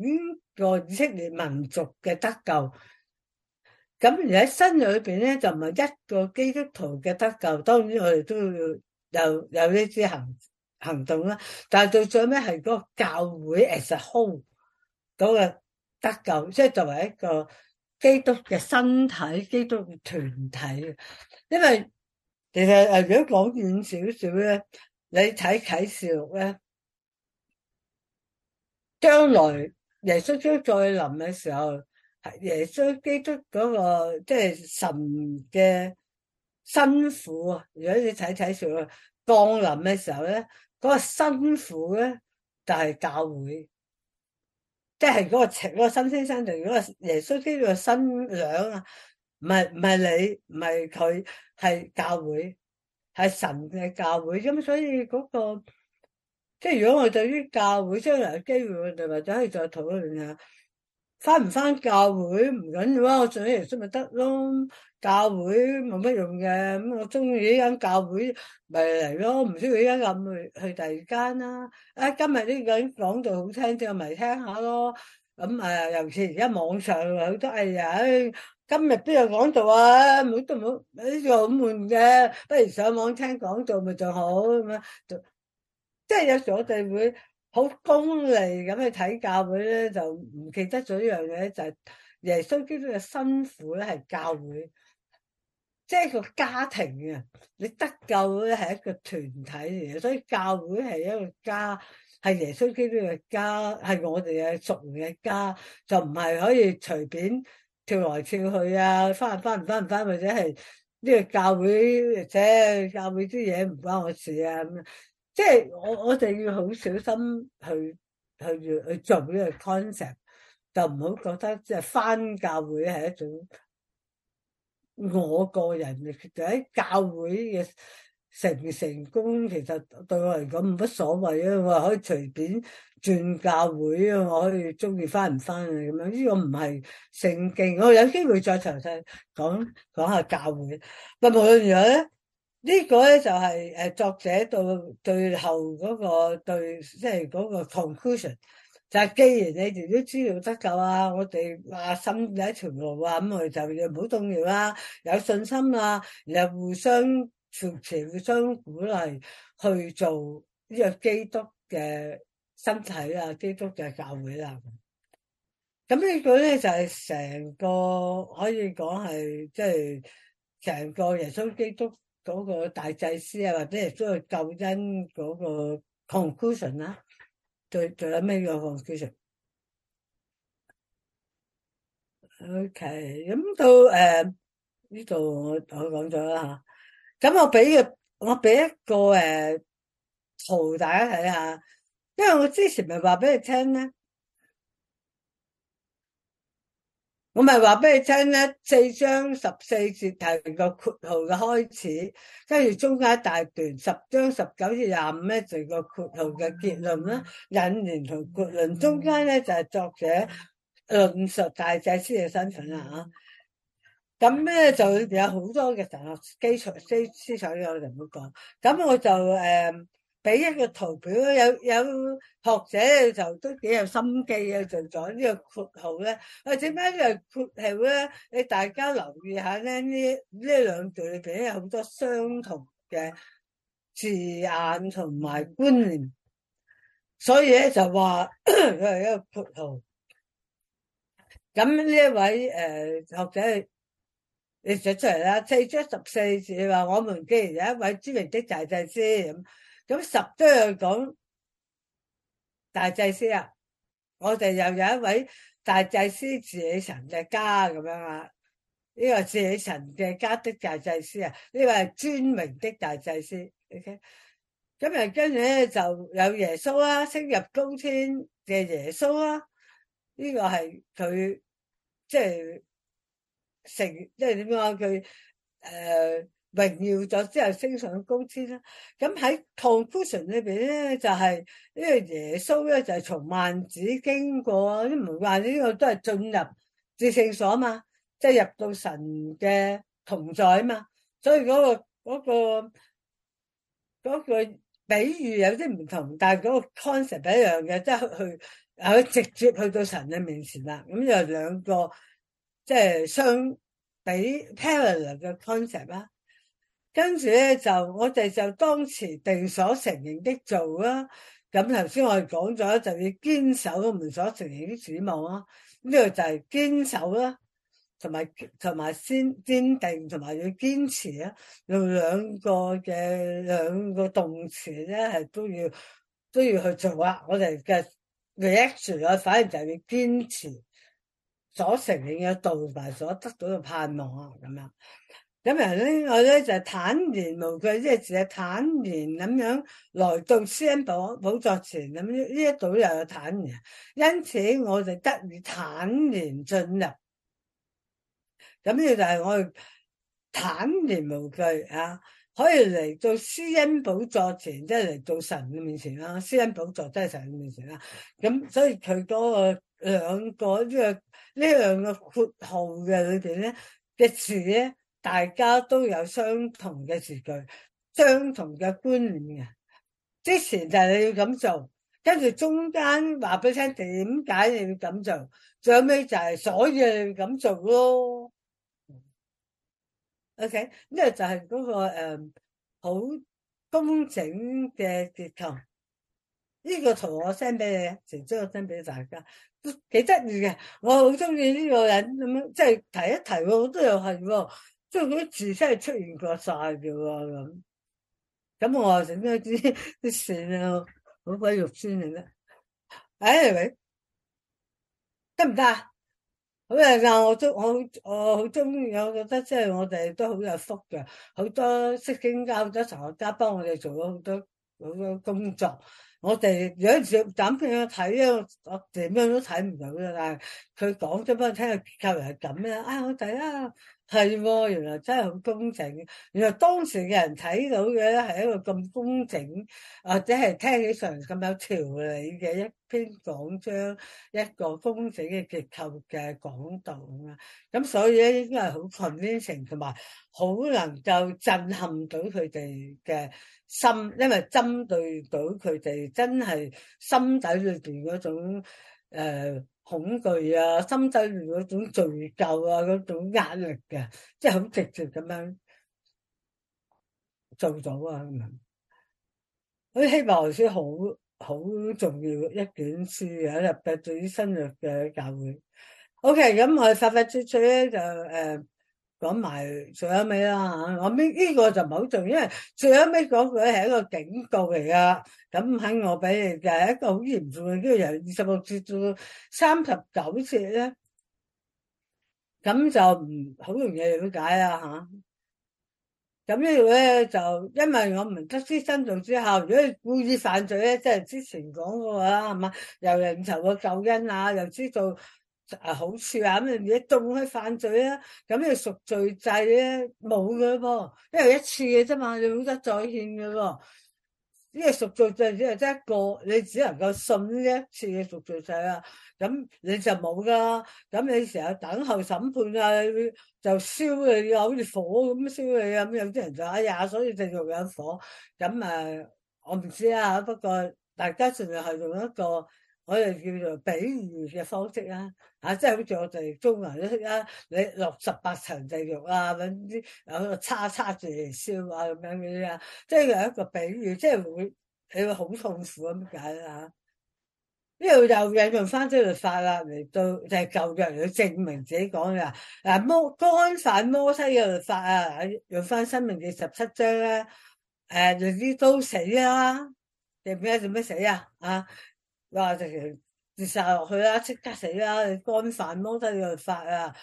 個以色列民族嘅得救。咁而喺新約裏邊咧，就唔係一個基督徒嘅得救，當然佢哋都要有有呢啲行行動啦。但係到最尾係嗰個教會 as a whole 嗰個得救，即係作為一個基督嘅身體、基督嘅團體，因為。其實誒，如果講遠少少咧，你睇睇啟示錄咧，將來耶穌基督再臨嘅時候，耶穌基督嗰、那個即係、就是、神嘅新婦啊！如果你睇睇啟示錄降臨嘅時候咧，嗰、那個新婦咧就係、是、教會，即係嗰個情咯，新先生定嗰個耶穌基督嘅新娘啊！唔係，唔係你，唔係佢，係教會，係神嘅教會。咁，所以嗰個即係如果我對於教會將來有機會，我哋或者可以再討論下，返唔返教會唔緊要啊，我信耶穌咪得咯，教會冇乜用嘅。咁我中意呢間教會咪嚟咯，唔需要一間咁去去第二間啦。啊、哎，今日呢間講道好聽，就咪聽下咯。咁啊、呃，尤其而家網上好多誒，誒。今日邊有講道啊？冇都冇，呢啲好悶嘅，不如上網聽講道咪仲好咁啊！即係有時我哋會好功利咁去睇教會咧，就唔記得咗一樣嘢，就係耶穌基督嘅辛苦咧係教會，即係個家庭啊！你得救咧係一個團體嚟嘅，所以教會係一個家，係耶穌基督嘅家，係我哋嘅屬靈嘅家，就唔係可以隨便。跳來跳去啊，翻翻唔翻唔翻，或者係呢個教會，或者教會啲嘢唔關我事啊。咁即係我我就要好小心去去去做呢個 concept，就唔好覺得即係翻教會係一種我個人啊，就喺教會嘅成唔成功，其實對我嚟講冇乜所謂啊，我可以隨便。轉教會啊！我可以中意翻唔翻啊？咁樣呢個唔係聖經。我有機會再詳細講講下教會。但無論如何咧，呢個咧就係誒作者到最後嗰個對，即係嗰個 conclusion，就係既然你哋都知道得救啊，我哋話心喺一條路啊，咁我哋就唔好動搖啦，有信心啦，然後互相扶持、互相鼓勵去做呢個基督嘅。身體啊，基督嘅教會啦、啊。咁呢、就是、整個咧就係成個可以講係即係成個耶穌基督嗰個大祭司啊，或者係都係救恩嗰個 conclusion 啦、啊。仲再有咩嘢個 conclusion？OK，、okay，咁到誒呢度我我講咗啦吓。咁我俾嘅我俾一個誒、呃、圖，大家睇下。因為我之前咪話俾你聽咧，我咪話俾你聽咧，四章十四節係個括號嘅開始，跟住中間大段十章十九至廿五呢段，就是，個括號嘅結論啦，引言同結論中間咧就係，是，作者論述大祭司嘅身份啦吓。咁、啊、咧、嗯、就有好多嘅神學基礎基思想，我哋唔會講。咁我就誒。呃俾一個圖表，有有學者咧就都幾有心機嘅，就講呢個括號咧，啊，點解呢個括號咧？你大家留意一下咧，呢呢兩段裏邊有好多相同嘅字眼同埋觀念，所以咧就話佢係一個括號。咁呢一位誒學者，你寫出嚟啦，四章十四節話，我們既然有一位知名的大祭司咁。咁十章講大祭司啊，我哋又有一位大祭司自己神嘅家。咁樣啊，呢個自己神嘅家的大祭司啊，呢個係專名的大祭司。O.K. 咁啊，跟住咧就有耶穌啦、啊，升入高天嘅耶穌啦、啊，呢個係佢即係成即係點講啊佢誒。就是榮耀咗之後升上高天啦、啊。咁喺 conclusion 裏邊咧，就係、是、因為耶穌咧就係、是、從幔子經過，啲唔係話呢個都係進入至聖所啊嘛，即、就、係、是、入到神嘅同在啊嘛。所以嗰、那個嗰、那個嗰、那個那個比喻有啲唔同，但係嗰個 concept 一樣嘅，即、就、係、是、去啊直接去到神嘅面前啦。咁就兩個即係、就是、相比 parallel 嘅 concept 啦。跟住咧就我哋就當時定所承認的做啦、啊。咁頭先我哋講咗就要堅守我們所承認的指望啦、啊。呢、這個就係堅守啦、啊，同埋同埋先堅定同埋要堅持啦、啊。用兩個嘅兩個動詞咧係都要都要去做啊。我哋嘅 reaction 啊，反而就係要堅持所承認嘅道同埋所得到嘅盼望啊，咁樣。咁人咧，我咧就坦然無懼，即係坦然咁樣來到施恩寶寶座前，咁呢一度又有坦然，因此我哋就得以坦然進入。咁呢就係我哋坦然無懼啊，可以嚟到施恩寶座前，即係嚟到神嘅面前啦。施恩寶座即係神嘅面前啦。咁所以佢嗰個兩個、這個這個、兩個呢個呢兩個括號嘅裏邊咧嘅字咧。大家都有相同嘅字句、相同嘅觀念嘅，之前就係你要咁做，跟住中間話俾你聽點解你要咁做，最後尾就係所以你要咁做咯。OK，呢個就係嗰、那個好、嗯、工整嘅結構。呢、這個圖我 send 俾你，成張我 send 俾大家，都幾得意嘅。我好中意呢個人咁樣，即、就、係、是、提一提喎，我都又係喎。即係佢啲字真係出現過晒嘅啦咁，咁我話整咩啲啲綫啊好鬼肉酸嘅咧，喂， 得唔得啊？好啦，我中我好我好中意，我覺得即係我哋都好有福嘅，好多釋經家，好多神學家幫我哋做咗好多好多工作。我哋有陣時諗嘅睇我連咩都睇唔到嘅。但係佢講咗，俾我聽個結構係咁嘅。哎、啊，我睇啊！係，原來真係好工整。原來當時嘅人睇到嘅咧，係一個咁工整，或者係聽起上嚟，咁有條理嘅一篇講章，一個工整嘅結構嘅講道啊。咁所以咧，應該係好 convincing，同埋好能夠震撼到佢哋嘅心，因為針對到佢哋真係心底裏邊嗰種誒。呃恐懼啊，心底裏嗰種罪疚啊，嗰種壓力嘅、啊，即係好直接咁樣做咗啊！咁樣佢希伯來書好好重要嘅一卷書喺入邊，就是、對於新約嘅教會。OK，咁我快快脆脆咧就誒。呃講埋最後尾啦吓，後呢個就唔係好重要，因為最後尾講佢係一個警告嚟噶。咁喺我俾你嘅係、就是、一個好嚴重嘅，跟住由二十六節做到三十九節咧，咁就唔好容易了解呀。吓。咁呢度咧就，因為我唔得知真道之後，如果故意犯罪咧，即係之前講嘅話，係嘛，又認受個救恩啊，又知道。啊好處啊咩嘢，仲可犯罪咧？咁你贖罪制咧，冇噶噃，因為一次嘅啫嘛，你冇得再獻噶喎。呢個贖罪制只係得一個，你只能夠信呢一次嘅贖罪制啊。咁你就冇噶，咁你成日等候審判啊，就燒你啊，又好似火咁燒你啊。咁有啲人就哎呀，所以繼續有火。咁誒，我唔知啊，不過大家仲係用一個。我哋叫做比喻嘅方式啦，啊即係好似我哋中文啦。你落十八層地獄啊，咁啲，有叉叉住嚟燒啊，咁樣嘅啲啊，即係、啊啊、有一個，叉叉、啊啊、即一個比喻，即係會，你會好痛苦咁解啦。呢度就引用《三經律法、啊》啦，嚟到就係舊約嚟證明自己講嘅，啊摩干犯摩西嘅律法啊，用翻《申命記第十七章咧、啊，誒、啊，用啲刀死啦、啊，定咩做咩死啊，啊話直截殺落去啦，即刻死啦！你干飯都得你發啊，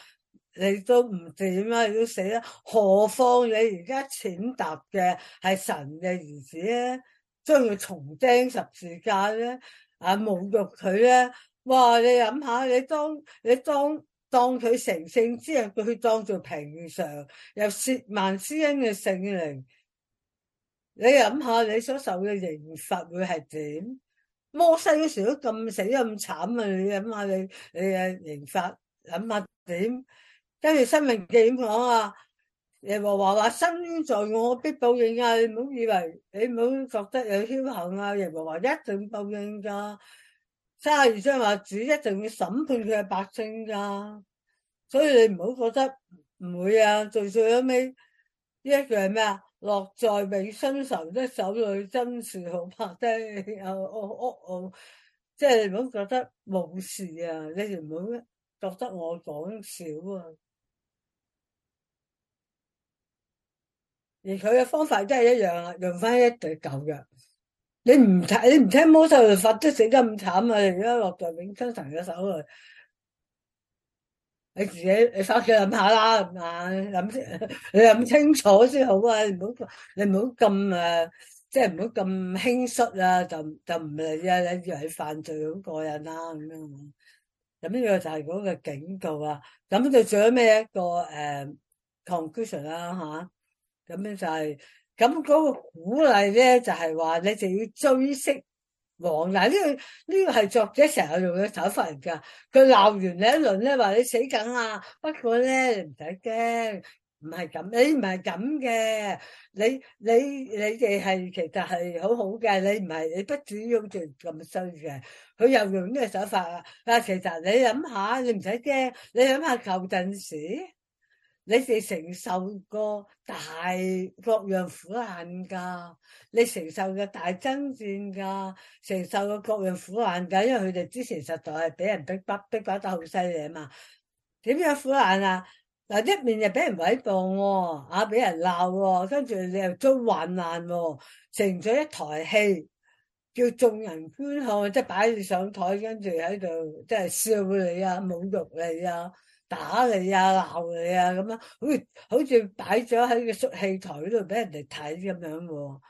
你都唔掂呀，你都死啦！何況你而家踐踏嘅係神嘅兒子咧，將佢重釘十字架咧啊，侮辱佢咧！哇，你諗下，你當你當當佢成聖之後，佢當做平常，又褻慢施恩嘅聖靈，你諗下，你所受嘅刑罰會係點？摩西嗰時候都咁死咁慘啊！你諗下你你啊刑罰諗下點？跟住《申命記》點講啊？耶和華話身在我必報應啊！你唔好以為你唔好覺得有僥倖啊！耶和華一定報應噶、啊，三十二章話主一定要審判佢係百姓噶、啊。所以你唔好覺得唔會啊！做最最尾呢一句係咩？啊落在永生神的手裏真、哦哦哦哦、是好怕的。又我我我即係唔好覺得冇事啊！你唔好覺得我講少啊，而佢嘅方法真係一樣，用翻一對舊約，你唔睇你唔聽摩西律法都死得咁慘啊！而家落在永生神嘅手裏。你自己你翻屋企諗下啦，啊諗清你諗清楚先好啊，唔好你唔好咁誒，即係唔好咁輕率啊，就就唔係啊，以為係犯罪好過癮啦咁樣。咁樣就係嗰個警告啊。咁就做咗咩一個誒 conclusion 啦吓。咁樣就係咁嗰個鼓勵咧，就係話你就要追息。王，嗱，呢個呢個係作者成日用嘅手法嚟㗎，佢鬧完你一輪咧，話你死梗啊，不過咧你唔使驚，唔係咁，你唔係咁嘅，你你你哋係其實係好好嘅，你唔係你不主要就咁衰嘅。佢又用咩手法啊？但係其實你諗下，你唔使驚，你諗下舊陣時。你哋承受過大各樣苦難噶，你承受嘅大爭戰噶，承受過各樣苦難噶，因為佢哋之前實在係俾人逼迫逼迫得好犀利啊嘛。點樣苦難、哦、啊？嗱一面又俾人毀謗喎，啊俾人鬧喎，跟住你又遭患難喎、哦，成咗一台戲，叫眾人觀看，即係擺上台，跟住喺度，即、就、係、是、笑你啊，侮辱你啊。打你啊，鬧你啊，咁樣好似好似擺咗喺個縮戲台嗰度俾人哋睇咁樣喎，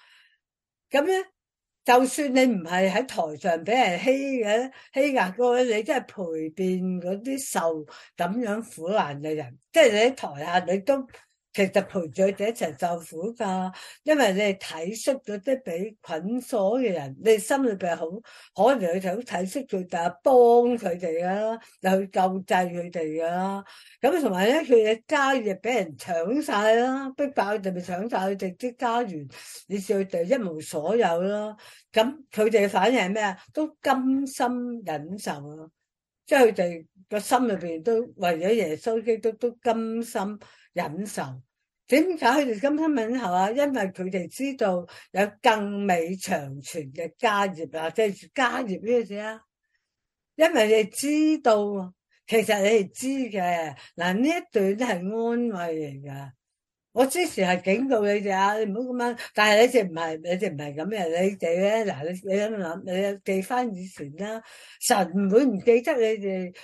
咁咧，就算你唔係喺台上俾人欺嘅欺壓過，你真係陪伴嗰啲受咁樣苦難嘅人。即係你喺台下，你都。其實陪住佢哋一齊受苦噶，因為你睇恤咗啲俾捆鎖嘅人，你心裏邊好可能佢想睇恤佢，但係幫佢哋啊，又去救濟佢哋啊。咁同埋咧，佢哋嘅家業俾人搶晒啦，逼爆佢哋，咪搶晒佢哋啲家園，你叫佢哋一無所有啦。咁佢哋反應係咩啊？都甘心忍受啊！即係佢哋個心入邊都為咗耶穌基督都甘心。忍受？點解佢哋咁樣忍受啊？因為佢哋知道有更美長存嘅家業啊！即係家業呢件事啊！因為你知道，其實你哋知嘅，嗱，呢一段都係安慰嚟噶。我之前係警告你哋啊，你唔好咁樣。但係你哋唔係，你哋唔係咁嘅。你哋咧，嗱，你，你諗諗，你記翻以前啦，神唔會唔記得你哋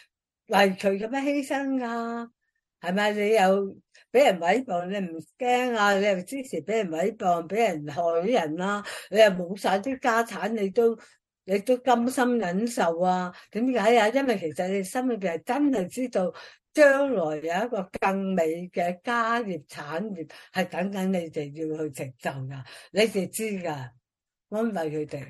嚟，除咁樣犧牲噶。係咪你又俾人毀謗？你唔驚啊？你又支持俾人毀謗、俾人害人啦、啊？你又冇晒啲家產，你都你都甘心忍受啊？點解啊？因為其實你心裏邊係真係知道將來有一個更美嘅家業產業係等緊你哋要去成就噶，你哋知噶，安慰佢哋。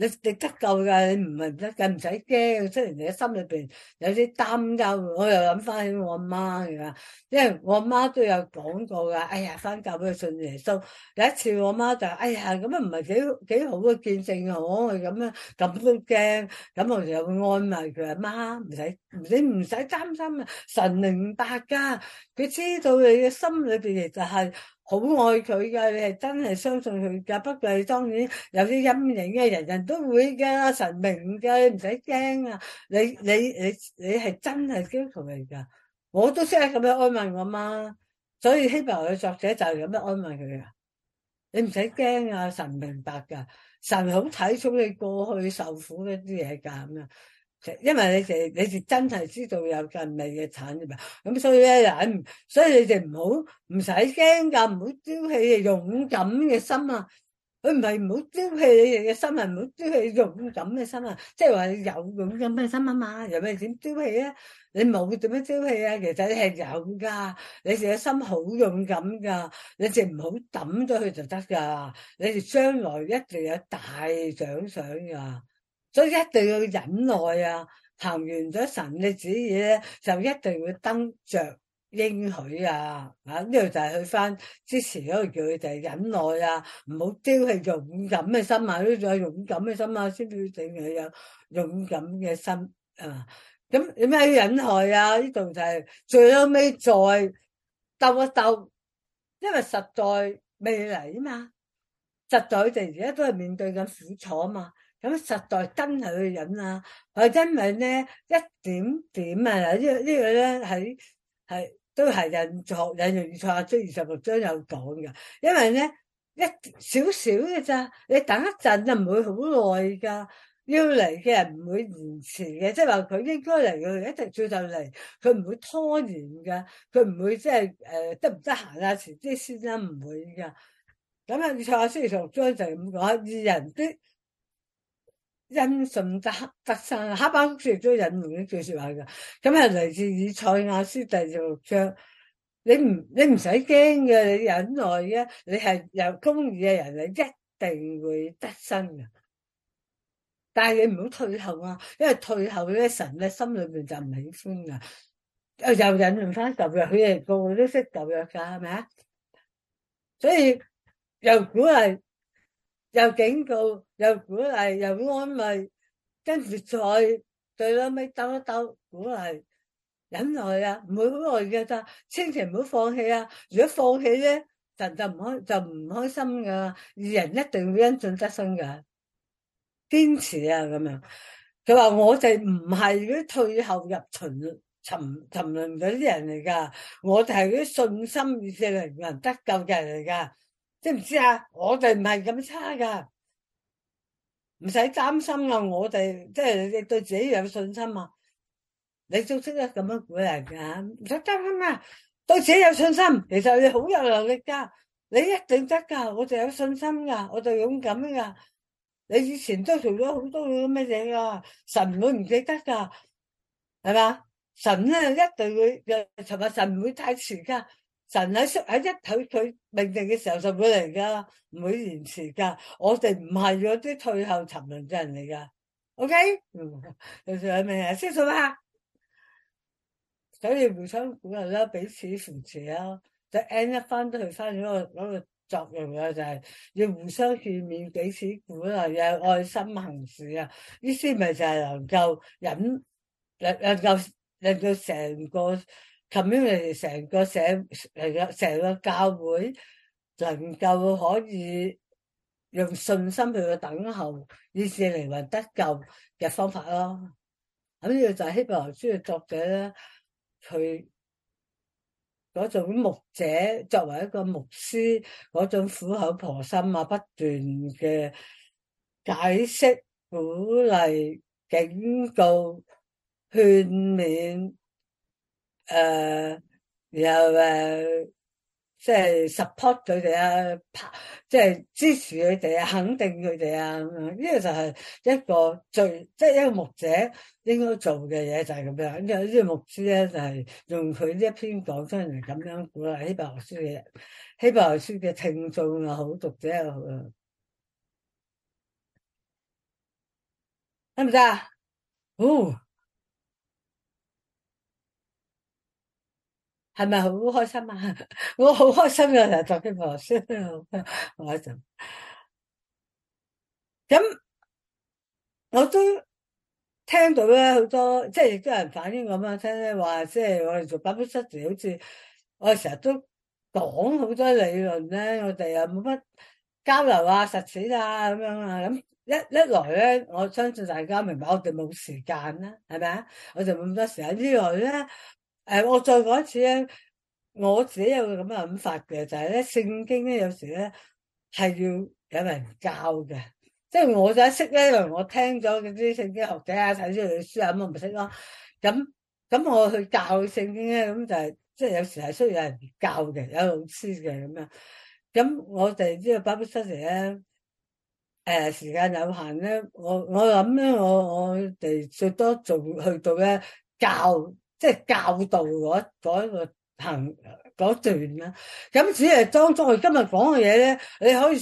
你你得救噶，你唔係唔得嘅，唔使驚。雖然你心裏邊有啲擔憂，我又諗翻起我阿媽噶，因為我阿媽都有講過噶。哎呀，翻教俾佢信耶穌。有一次我阿媽就，哎呀，咁啊唔係幾幾好嘅見證啊，我咁樣咁都驚，咁我哋又會安慰佢阿媽，唔使。你唔使擔心，神明白噶，佢知道你嘅心裏邊其實係好愛佢噶，你係真係相信佢噶。不過你當然有啲陰影嘅，人人都會㗎。神明嘅，你唔使驚啊！你你你你係真係基督徒嚟噶，我都識咁樣安慰我媽，所以希伯來嘅作者就係咁樣安慰佢噶。你唔使驚啊，神明白噶，神好睇重你過去受苦一啲嘢噶咁樣。因為你哋你哋真係知道有近味嘅產業，咁所以咧，所以你哋唔好唔使驚噶，唔好丟棄勇敢嘅心啊！佢唔係唔好丟棄你哋嘅心，心啊，唔好丟棄勇敢嘅心啊！即係話你有勇敢嘅心啊嘛，有咩點丟棄啊？你冇點樣丟棄啊？其實你係有噶，你哋嘅心好勇敢噶，你哋唔好抌咗佢就得噶，你哋將來一定有大獎賞噶。所以一定要忍耐啊！行完咗神嘅旨意咧，就一定要登着應許啊！啊，呢度就係去翻之前嗰度，叫佢哋就係忍耐啊，唔好丟棄勇敢嘅心啊，呢、啊、有勇敢嘅心啊，先至要整佢有勇敢嘅心啊。咁點解要忍耐啊？呢度就係最後尾再鬥一鬥，因為實在未嚟啊嘛，實在就而家都係面對緊苦楚啊嘛。咁實在真係去忍啦，係因為咧一點點啊，呢呢個咧喺係都係人學人用錯亞書二十六章有講嘅，因為咧一少少嘅咋，你等一陣就唔會好耐噶，要嚟嘅人唔會延遲嘅，即係話佢應該嚟嘅一定最就嚟，佢唔會拖延噶，佢唔會即係誒得唔得閒啊遲啲先生唔會噶，咁啊錯亞書二十六章就係咁講，以人啲。因信得得生，哈巴谷書亦都引用呢句說話噶。咁又嚟自以賽亞書第六章。你唔你唔使驚嘅，你忍耐嘅，你係有公義嘅人，你一定會得生嘅。但係你唔好退後啊，因為退後咧，神咧心裏面就唔喜歡噶。又引用翻舊約，佢哋個個都識舊約噶，係咪啊？所以又估係。又警告，又鼓勵，又安慰，跟住再再拉尾兜一兜鼓勵忍耐啊，唔會好耐嘅咋，千祈唔好放棄啊！如果放棄咧，神就唔開，就唔開心噶。義人一定會因信得生噶，堅持啊咁樣。佢話我哋唔係嗰啲退後入沉沉沉淪嗰啲人嚟噶，我哋係嗰啲信心以致人得救嘅人嚟噶。知唔知啊？我哋唔係咁差噶，唔使擔心啊，我哋即係你對自己有信心啊，你都識得咁樣鼓勵噶，唔使擔心啊，對自己有信心，其實你好有能力噶，你一定得噶。我哋有信心噶，我哋勇敢噶。你以前都做咗好多咁嘅嘢噶，神會唔記得噶？係嘛？神咧一定會，尋日神唔會太遲噶。神喺喺一睇佢命定嘅時候就會嚟噶，每年時間我哋唔係有啲退後沉淪嘅人嚟噶，OK？有咩啊？先做下，所以互相鼓勵啦，彼此扶持啊，就 end 一番都係翻咗個攞個作用嘅就係要互相見面，彼此鼓勵，有愛心行事啊，意思咪就係能夠引令能夠令到成個。咁樣嚟，成個社，成個成個教會，能夠可以用信心去等候，以使靈魂得救嘅方法咯。咁呢個就係希伯來書嘅作者咧，佢嗰種牧者作為一個牧師，嗰種苦口婆心啊，不斷嘅解釋、鼓勵、警告、勸勉。誒，uh, 然後誒，即、uh, 係 support 佢哋啊，即、就、係、是、支持佢哋啊，肯定佢哋啊，呢、這個就係一個最即係、就是、一個牧者應該做嘅嘢就係咁樣。因為呢個牧師咧就係用佢呢一篇講章嚟，咁樣鼓勵希伯來書嘅，希伯來書嘅聽眾又好，讀者又好，啱唔啱啊？哦、uh.！係咪好開心啊？ 我好開心噶，成日做啲講師，我一陣咁，我都聽到咧好多，即係亦都有人反映咁嘛。聽聽話，即係我哋做百 u b et, 好似我哋成日都講好多理論咧，我哋又冇乜交流啊、實踐啊咁樣啊，咁一一來咧，我相信大家明白我，我哋冇時間啦，係咪啊？我就冇咁多時間呢來咧。誒，我再講一次咧，我自己有個咁嘅諗法嘅，就係咧聖經咧有時咧係要有人教嘅，即係我就係識咧，因為我聽咗啲聖經學者啊，睇咗啲書啊，咁我唔識咯，咁咁我去教聖經咧，咁就係即係有時係需要有人教嘅，有老師嘅咁樣，咁我哋呢個 publishing 咧，誒，時間有限咧，我我諗咧我我哋最多做去到咧教。即係教導嗰、那、嗰個行嗰、那個那個那個、段啦，咁只係當中，佢今日講嘅嘢咧，你可以。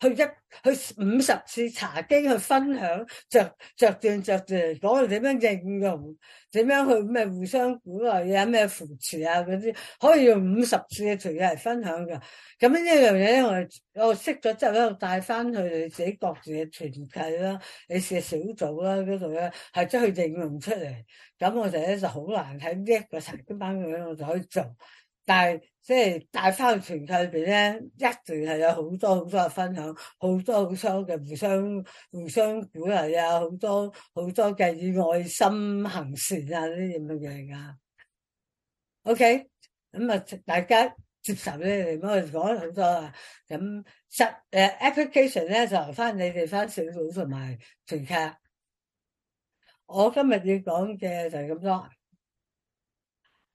去一去五十次查經去分享，着著，著段着段，講佢點樣應用，點樣去咩互相鼓勵啊，有咩扶持啊嗰啲，可以用五十次嘅團嘢嚟分享嘅。咁樣一樣嘢咧，我我識咗之後咧，帶、就、翻、是、去你自己各自嘅團體啦，你試下小組啦嗰度咧，係、那、將、個、去應用出嚟。咁我哋咧就好難喺呢一嘅查經班我就可以做，但係。即係帶返去團契裏邊咧，一定係有好多好多嘅分享，好多好多嘅互相互相鼓勵啊，好多好多嘅以愛心行善啊，呢啲咁嘅嘢噶。OK，咁啊，大家接受咧，咁我講咗好多啊。咁 s 誒 application 咧就翻你哋翻小組同埋團契。我今日要講嘅就係咁多。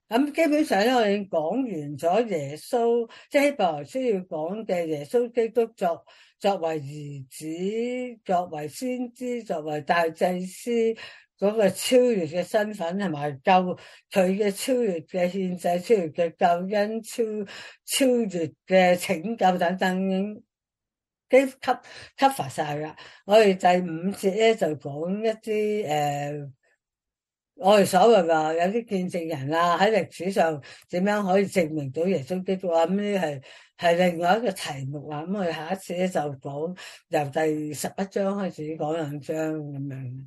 咁基本上咧，我已經講完咗耶穌，即係希伯來書要講嘅耶穌基督作作為兒子、作為先知、作為大祭司嗰個超越嘅身份，同埋救佢嘅超越嘅獻祭、超越嘅救恩、超超越嘅拯救等等，已經幾乎 cover 晒啦。我哋第五節咧就講一啲誒。呃我哋所謂話有啲見證人啊，喺歷史上點樣可以證明到耶穌基督啊，咁呢係係另外一個題目啊，咁我哋下一次咧就講由第十一章開始講兩章咁樣。